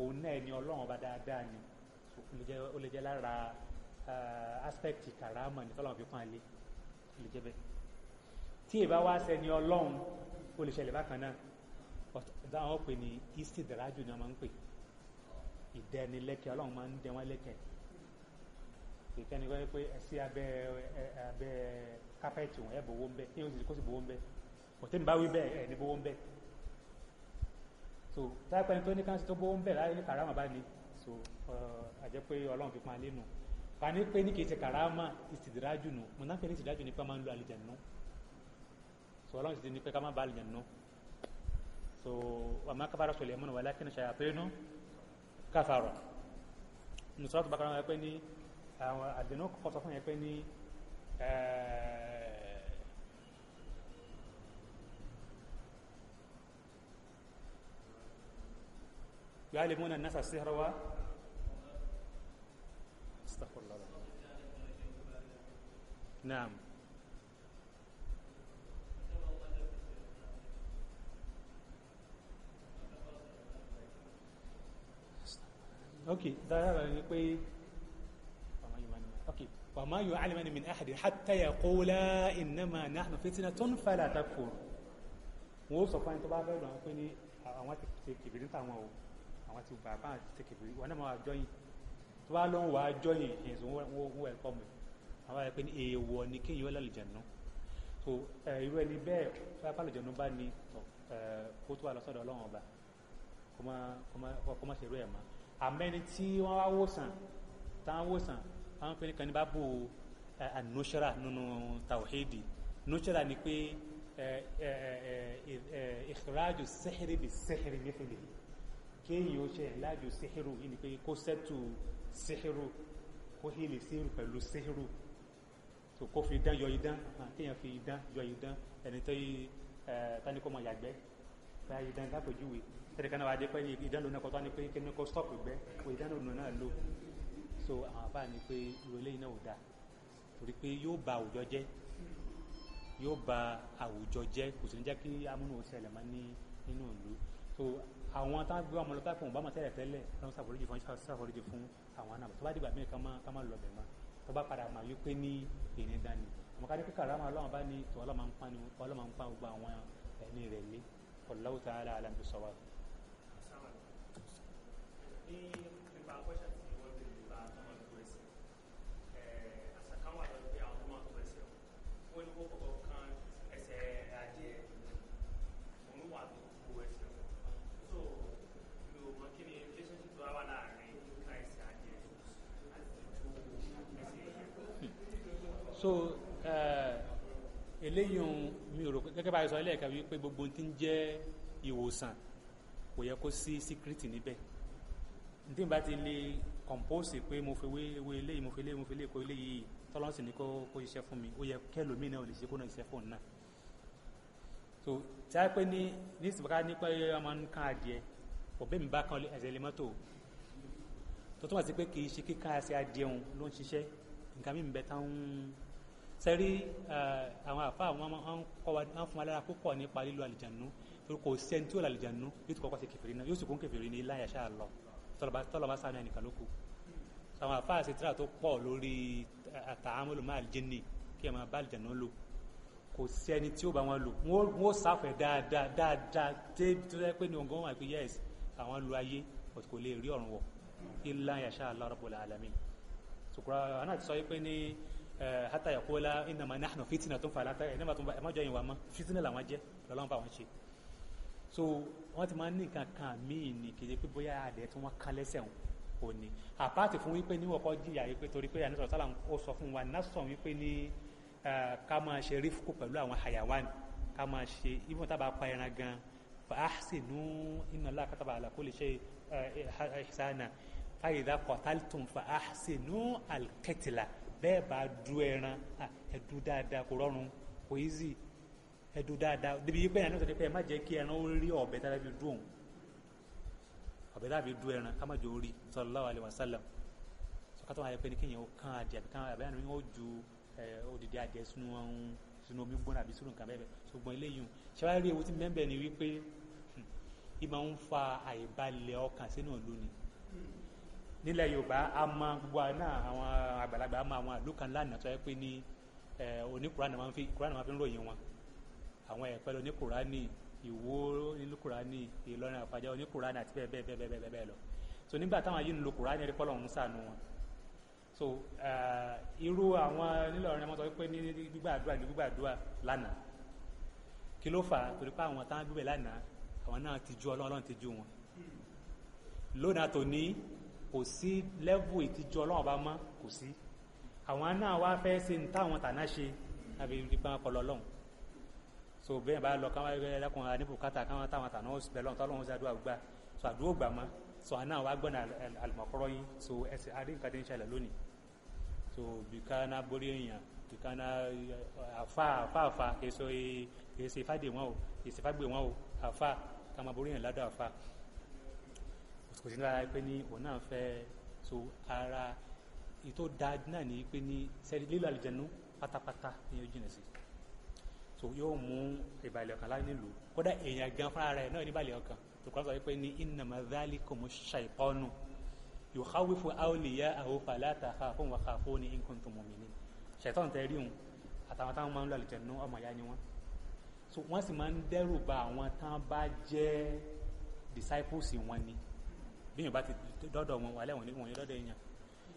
òun náà ẹni ọlọ́run ọba dáadáa ni ó lè jẹ́ lára aspect karama ní tọ́lọ́run fi pánlé ó lè jẹ́ bẹ́ẹ̀ tí ìbá wá sẹ́ni ọlọ́run ó lè ṣẹlẹ̀ bákan náà dáhùn pè ní istidraju ni wọ́n máa ń pè ìdẹnilẹ́kẹ̀ ọlọ́run máa ń dẹ wọ́n lẹ́kẹ̀ ìkẹ́ni wáyé pé sí abẹ́ abẹ́ kápẹ́ẹ̀tì wọn ẹ̀ bọ̀ wọ́n bẹ́ ní oṣù kó sì bọ̀ wọ́n bẹ́ òtẹ́ni bá wí bẹ́ẹ̀ ẹ̀ ní bọ̀ wọ́n bẹ́ so táìpẹ́ ni tó ní káńsì tó bọ̀ wọ́n bẹ́ láyé ní kàrámà bá ní so àjẹ́ pé ọlọ́run fi pa á lẹ́nu fani pé ní kì í ṣe kàrámà ìsìdìrájù nù mọ̀nàfẹ́ ní ìsìdìrájù ní pé máa ń lo àlìjẹ̀ nù so ọlọ́run sì ti ní pé ká má ba àlìjẹ̀ nù so وما كفر سليمان ولكن الشياطين كفروا nusrat bakara wọn pé ní àwọn àdínú kọ́kọ́ fún yẹn pé ní يعلمون الناس السحر و استغفر الله نعم okay dára ni pé okay وما يعلمن من أحد حتى يقولا إنما نحن فتنة فلا تكفر wọ́n sọ fún ẹni tó bá fẹ́ lọ́wọ́ pé ní àwọn ti ṣe kìbìrì ń tàwọn o àwọn ti gbà bá ti ṣe kìbìrì wọn náà máa jọyìn tó bá lọ́wọ́ wàá jọyìn ìṣe wọ́n ẹ̀kọ́ mi àwọn ẹ̀ pé ní èèwọ̀ ni kéèyàn ó lálùjẹ̀ nù so irú ẹni bẹ́ẹ̀ tó bá lálùjẹ̀ nù bá ní kó tó wà lọ́sọ̀dọ̀ ọlọ́run ọba kó má ṣe irú ẹ̀ máa àmẹ́ni tí wọ́n wá wòsàn táwọn wòsàn àwọn pé nìkan ní bá bò ànúṣẹ́ra nínú tàwíìdì núṣẹ́ra ni pé ìkìrájù sẹ́hìrì bí sẹ́hìrì nífìlì kéèyàn ó ṣe ìlàjù sẹ́hìrù yìí ni pé kó sẹ́tù sẹ́hìrù kó hìlì sẹ́hìrù pẹ̀lú sẹ́hìrù tó kó fi idán yọ idán kéèyàn fi idán yọ idán ẹni tó yí tánikọ́ mọ̀ yàgbẹ́ báyìí idán lápèjúwe tẹ́lẹ̀ kan náà wà á dé pé ìdánlò náà kọ́ tó á ní pé kí ni kò stop gbẹ́ kò ìdánlò náà lò so àwọn afá ni pé ìrọ̀lẹ́ iná ò dáa torí pé yóò ba àwùjọ jẹ́ yóò ba àwùjọ jẹ́ kò sì ní jẹ́ kí amúnú ṣẹlẹ̀ mọ́ ní nínú ìlú so àwọn tá a gbé ọmọ lọ tá a fún ọbámọ tẹ́lẹ̀ tẹ́lẹ̀ lọ́n ṣàforíjì fún ṣàforíjì fún àwọn àna tó bá dìgbà míì kan máa kan máa lọ bẹ̀ mọ́ tó bá padà máa yí pé ní èyí dání ọmọ kárí pé kàrá máa lọ́wọ́n bá ní tó ọlọ́mọ ń pa gbogbo àwọn ẹni rẹ̀ lé ọ̀làwùtà aláàlá ń bí ní nípa question tí wọ́n bèèrè nípa tọ́mọ̀ tó ẹsẹ̀ àṣàkà wà lọ pé àwọn tọ́mọ̀ tó ẹsẹ̀ wọ́n ní kókò kan ẹsẹ̀ ajé òun wà tó kó ẹsẹ̀ so mi ò mọ kí ni relationship tó wà láàrin ká ẹsẹ̀ ajé àti tó ẹsẹ̀ yẹn. so eléyìí mi ò rò pé gẹ́gẹ́ bá a sọ ilé ẹ̀ka wípé gbogbo ohun ń jẹ́ ìwòsàn kò yẹ kó sí síkírìtì níbẹ̀ tí n bá ti lè kọ̀mpóòsì pé mo fi wé ewé eléyìí mo fi eléyìí mo fi eléyìí kó eléyìí tọ́lọ́sì ni kó kó iṣẹ́ fún mi ó yẹ kẹlòmíì náà ò lè ṣe kó náà iṣẹ́ fún náà so tí a pé ní ní ìsìnká ní pé ọmọ nǹkan adìẹ òbí mi bá kan ẹsẹ̀ lè mọ́tò tó túmọ̀ sí pé kì í ṣe kíkan ẹsẹ̀ adìẹun ló ń ṣiṣẹ́ nǹkan mímu bẹ tán ń sẹ́rí eh, àwọn àfa àwọn ọmọ fún wa lára púpọ̀ nípa lílo àlìjànú kò sẹ́ni tí yóò ti kọ́kọ́ ṣe kẹfìrí náà yóò sì kún kẹfìrí ní láyà ṣáà lọ tọ́lọ́másá náà nìkan ló kù àwọn àfáà ṣe tíra tó pọ̀ lórí eh, àtàámúlò máa jẹ́ ní kí ẹ máa bá àlìjẹ̀nà lò kò sí ẹni tí ó bá wọn lò wọn ó sáfẹ̀ dáadáa dáadáa tí tó yẹ pé ní ọgọ́rùn àti yẹ́s àwọn lu ayé kò lè rí ọ̀run wọ̀ ilá yàṣà alárọ̀bọ̀lá alamin sùkúrà àná ti sọ pé ní hátà yàkó lá ìnàmà náà fìtínà tó ń fa látà ẹ̀ náà má jọ ìwà mọ́ fìtínà làwọn jẹ́ lọ́lọ́run fà ṣe so wọ́n ti máa ń ní nǹkan kan míì ní kéde pé bóyá adẹ tí wọ́n kán lẹ́sẹ̀ ò ní àpáàtì fún wípé níwọ̀n kọ́ jìyà wípé torí pé àníṣọ́ sálà ó sọ fún wa násọ̀ wípé ní ká máa ṣe rífùkù pẹ̀lú àwọn hayawan ká máa ṣe ibùn tábà pa ẹran gan fàásìnú iná lákàtàbà àlàkó lè ṣe ìsáná fàyèdà kọ̀tàlítùn fàásìnú alkẹtìlà bẹ́ẹ̀ bá du ẹran ẹ̀dú dáadáa kò rọrùn kò easy ẹ̀dùn dáadáa débi yí pé ẹ̀yàn náà sọ pé ẹ má jẹ́ kí ẹran ó rí ọ̀bẹ tá a fi dùn òun ọ̀bẹ tá a fi dùn ẹran ká má jẹ́ orí sallallahu alaihi wasallam sọkátà wọn àyẹ̀pẹ́ ni kéèyàn ó kán adìẹ àbí kán àbí àná ó ju odidi adìẹ sínú ọ̀hún sínú omi gbóná àbí sínú nǹkan bẹ́ẹ̀ bẹ́ẹ̀ ṣùgbọ́n eléyìí ṣáwárí ewu tí mẹ́mbẹ̀ ni wípé ìmọ̀ hmm, ń fa àìbalẹ̀ ọkàn sínú ìlú ni nílẹ̀ yorùbá a mọ gbogbo náà àwọn àgbàlagbà a mọ àwọn àlùkàn lánàá tó yẹ pé ní oní kúránà máa ń fi ròyìn wọn àwọn ẹ̀pẹ́ lọ ní kùránì ìwó nínú kùránì ìlọrin àfàjà ní kùránì àti bẹ́ẹ̀ bẹ́ẹ̀ bẹ́ẹ̀ bẹ́ẹ̀ bẹ́ẹ̀ lọ so nígbà táwọn yìí ń lo kùránì rí pọ́lọ̀ ń sànù wọn so irú àwọn nílọrin wọn sọ pé ní gbígbàdúrà ní gbígbàdúrà lánàá kí ló fà á torí pé àwọn táwọn gbígbẹ lánàá àwọn náà ti ju ọlọ́run ti ju wọn lónìí àtòní kò sí lẹ́vù ìtìjú ọlọ́run ọba mọ́ kò sí àwọn náà wá fẹ́ ṣe ní táwọn tàná ṣe àbí ìgbà ọpọlọ ọlọ́run so bẹ́ẹ̀ bá lọ káwọn ẹgbẹ́ ẹlẹ́kùn ara níbo kátà káwọn táwọn àtàná oṣù bẹ́ẹ̀ lọ́nà tọ́lọ́hún ṣàdúrà gbà so àdúró gbà má so àná wa gbọ́nà àlùmọ̀kọ́rọ́ yín so ẹsẹ̀ adínkadé ń ṣẹlẹ̀ lónìí so bìkánná borí èèyàn bìkánná àfa àfa àfa èso èsè ìfádé wọn o èsè ìfágbé wọn o àfa kàmá borí èèyàn ládọ̀ àfa kò sí nípa pé ní òun náà fẹ́ so ara ètò dáa náà ní pé ní sẹ́ni lílo àlùjẹ̀nu pátápátá ní ojú ìrìnsì so yóò mú ìbàlẹ̀ ọkàn láti nílùú kódà èèyàn gan fúnra rẹ̀ náà ní ìbàlẹ̀ ọkàn tó kọ́ sọ wípé ní innama dhalikum shaytanu yukhawifu awliya'ahu fala takhafuhum wa khafuni in kuntum mu'minin ṣàìtọ́nù tẹ́ rí òun àtàwọn táwọn máa ń lọ àlùjànnú ọmọ ìyá ni wọ́n so wọ́n sì máa ń dẹ́rù ba àwọn tán bá jẹ́ disciples wọn ni bí yóò bá ti dọ́dọ̀ wọn wà lẹ́wọ̀n níwọ̀n ní dọ́dọ̀ èèyàn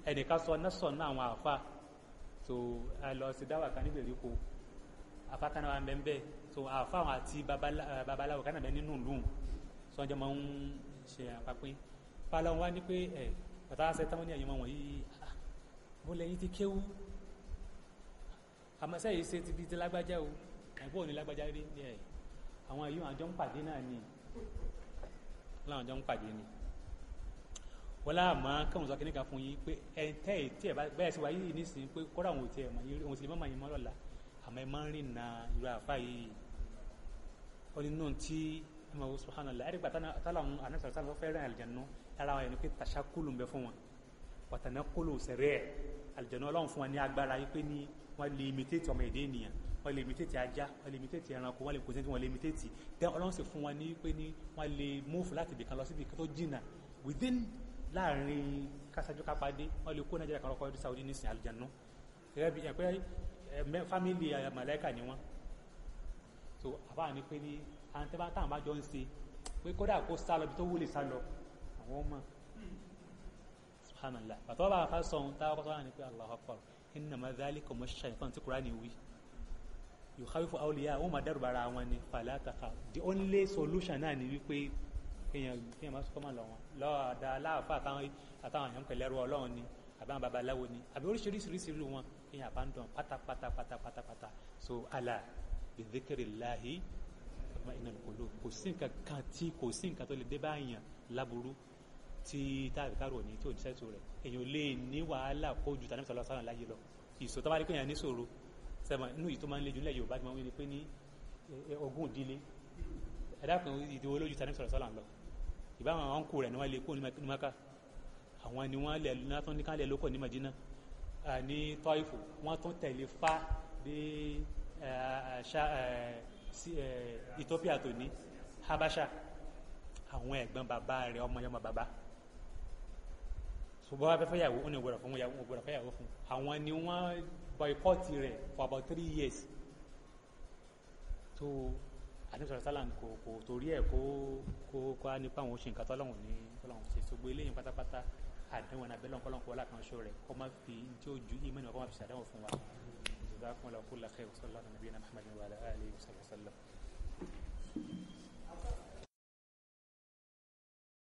ẹnìkan sọ nẹ́sọ̀ náà àwọn àáfà so a lọ sí dáwà kan nígbèríko afákaná wa ń bẹ ń bẹ so àfáwọn àti eh, babaláwo kánà bẹ nínú ìlú sọjọ́ máa ń ṣe àpapín pálọ̀ wá ní pé ẹ̀ eh, bàtà àṣẹ táwọn ní àyẹ̀mọ̀ wọ̀nyí ah, mo lẹ́yìn ti kéwú àmọ́ sẹ́yìn ṣe ti di ti lágbájá o ẹ̀gbọ́n ò ní lágbájá rí ní ẹ̀ eh, àwọn yìí àjọ ń pàdé náà ni láwọn àjọ ń pàdé ni wọ́n láà máa káwọn sọ kíníkà fún yín pé ẹ̀ tẹ́ ẹ̀ tí ẹ̀ bá bẹ́ẹ̀ sí wáyé nísìnyí pé kọ́ra òun ò tiẹ̀ mọ̀ yín òun sì lè má mọ̀ yín mọ́ lọ́la àmọ́ ẹ máa ń rìn na irú àfa yìí ó ní nù tí ẹ máa wo subhanallah ẹ̀rí gbàtà táwọn anásàrò sáà fẹ́ rìn àlìjánu lára wọn yẹn ni pé tàṣà kúlù ń bẹ fún wọn wàtàná kúlù sẹ̀rẹ̀ ẹ̀ àlìjánu ọlọ́run fún wọn ní agbára yìí pé ní wọ́n lè imitate ọmọ èdè ènìyàn wọ́n lè imitate ajá wọ́n lè imitate ẹranko wọ́n lè kò sí wọ́n lè imitate tẹ́ ọlọ́run sì fún wọn ní pé ní wọ́n lè move láti ibìkan lọ sí ibìkan tó jìnnà within láàrin kásájú kápádé wọ́n lè kó nàìjíríà kan lọ́kọ́ Saudi nísìnyí àlìjánu gẹ́gẹ́ bí ẹ̀pẹ́ fámìlì màláìkà ni wọ́n so àbá ni pé ní àǹtẹ́bá táwọn bá jọ ń ṣe pé kódà kó sá lọ bí tó wúlè sá lọ àwọn ọmọ subhanallah bàtọ́ bá fa sọ ohun táwọn kọ́sọ́ ní pé Allahu akbar innama dhalikum ash-shaytan tí Kùránì wí yukhawifu awliya wọn máa dẹ́rù bara wọn ni fala takha the only solution náà ni wípé kéèyàn kéèyàn máa sọ kọ́mọ lọ wọn lọ́wọ́ àdá aláàfáà àtàwọn èèyàn pẹ̀lẹ́rù ọlọ́run ni àbí àwọn babaláwo ni àbí oríṣiríṣiríṣi wọn ní abandon pátápátá pátápátá pátá so ala bi dhikrillahi ma'inal qulub kò sí nǹkan kan tí kò sí nǹkan tó lè dé báyàn láburú tí táàbí kárò ní tí ò ní sẹ́tù rẹ̀ èèyàn lè ní wàhálà kó ju tàbí sọlọ sọlọ láyé lọ ìṣó tó bá rí pé èèyàn ní ṣòro sẹ́mọ̀ inú yìí tó máa ń le jùlẹ̀ Yorùbá ti máa ń wí ni pé ní ogún ìdílé ẹ̀dá kan ìdíwọ́ lójú tàbí sọlọ sọlọ lọ ìbáwọn àwọn ọkùnrin rẹ̀ ni wọ́n lè kó ní Maka àwọn ni wọ́n lẹ̀ lọ́tọ́ ní ká lẹ̀ lókọ̀ ní Madina ní tọ́ìfù wọ́n tún tẹ̀lé fá dé Ethiopia tó ní Habasha àwọn ẹ̀gbọ́n bàbá rẹ̀ ọmọ yọmọ bàbá ṣùgbọ́n wọ́n fẹ́ fẹ́yàwó ó ní gbọ́dọ̀ fún wọn gbọ́dọ̀ fẹ́yàwó fún àwọn ni wọ́n boycott rẹ̀ for about three years so àdínsọ̀rọ̀ sálà kò kò torí ẹ̀ kó kó kó á nípa àwọn oṣù nǹkan tọ́lọ́hùn ní tọ́lọ́hùn ṣe ṣùgbọ́n eléyìí pátápátá àdánwò náà bẹ́lẹ̀ ọ̀pọ̀lọpọ̀ wọlé àkànṣe rẹ̀ kọ́ máa fi tí ó ju ìmọ̀ náà kọ́ máa fi ṣàdánwò fún wa la khairan wa sallallahu alaihi wa sallam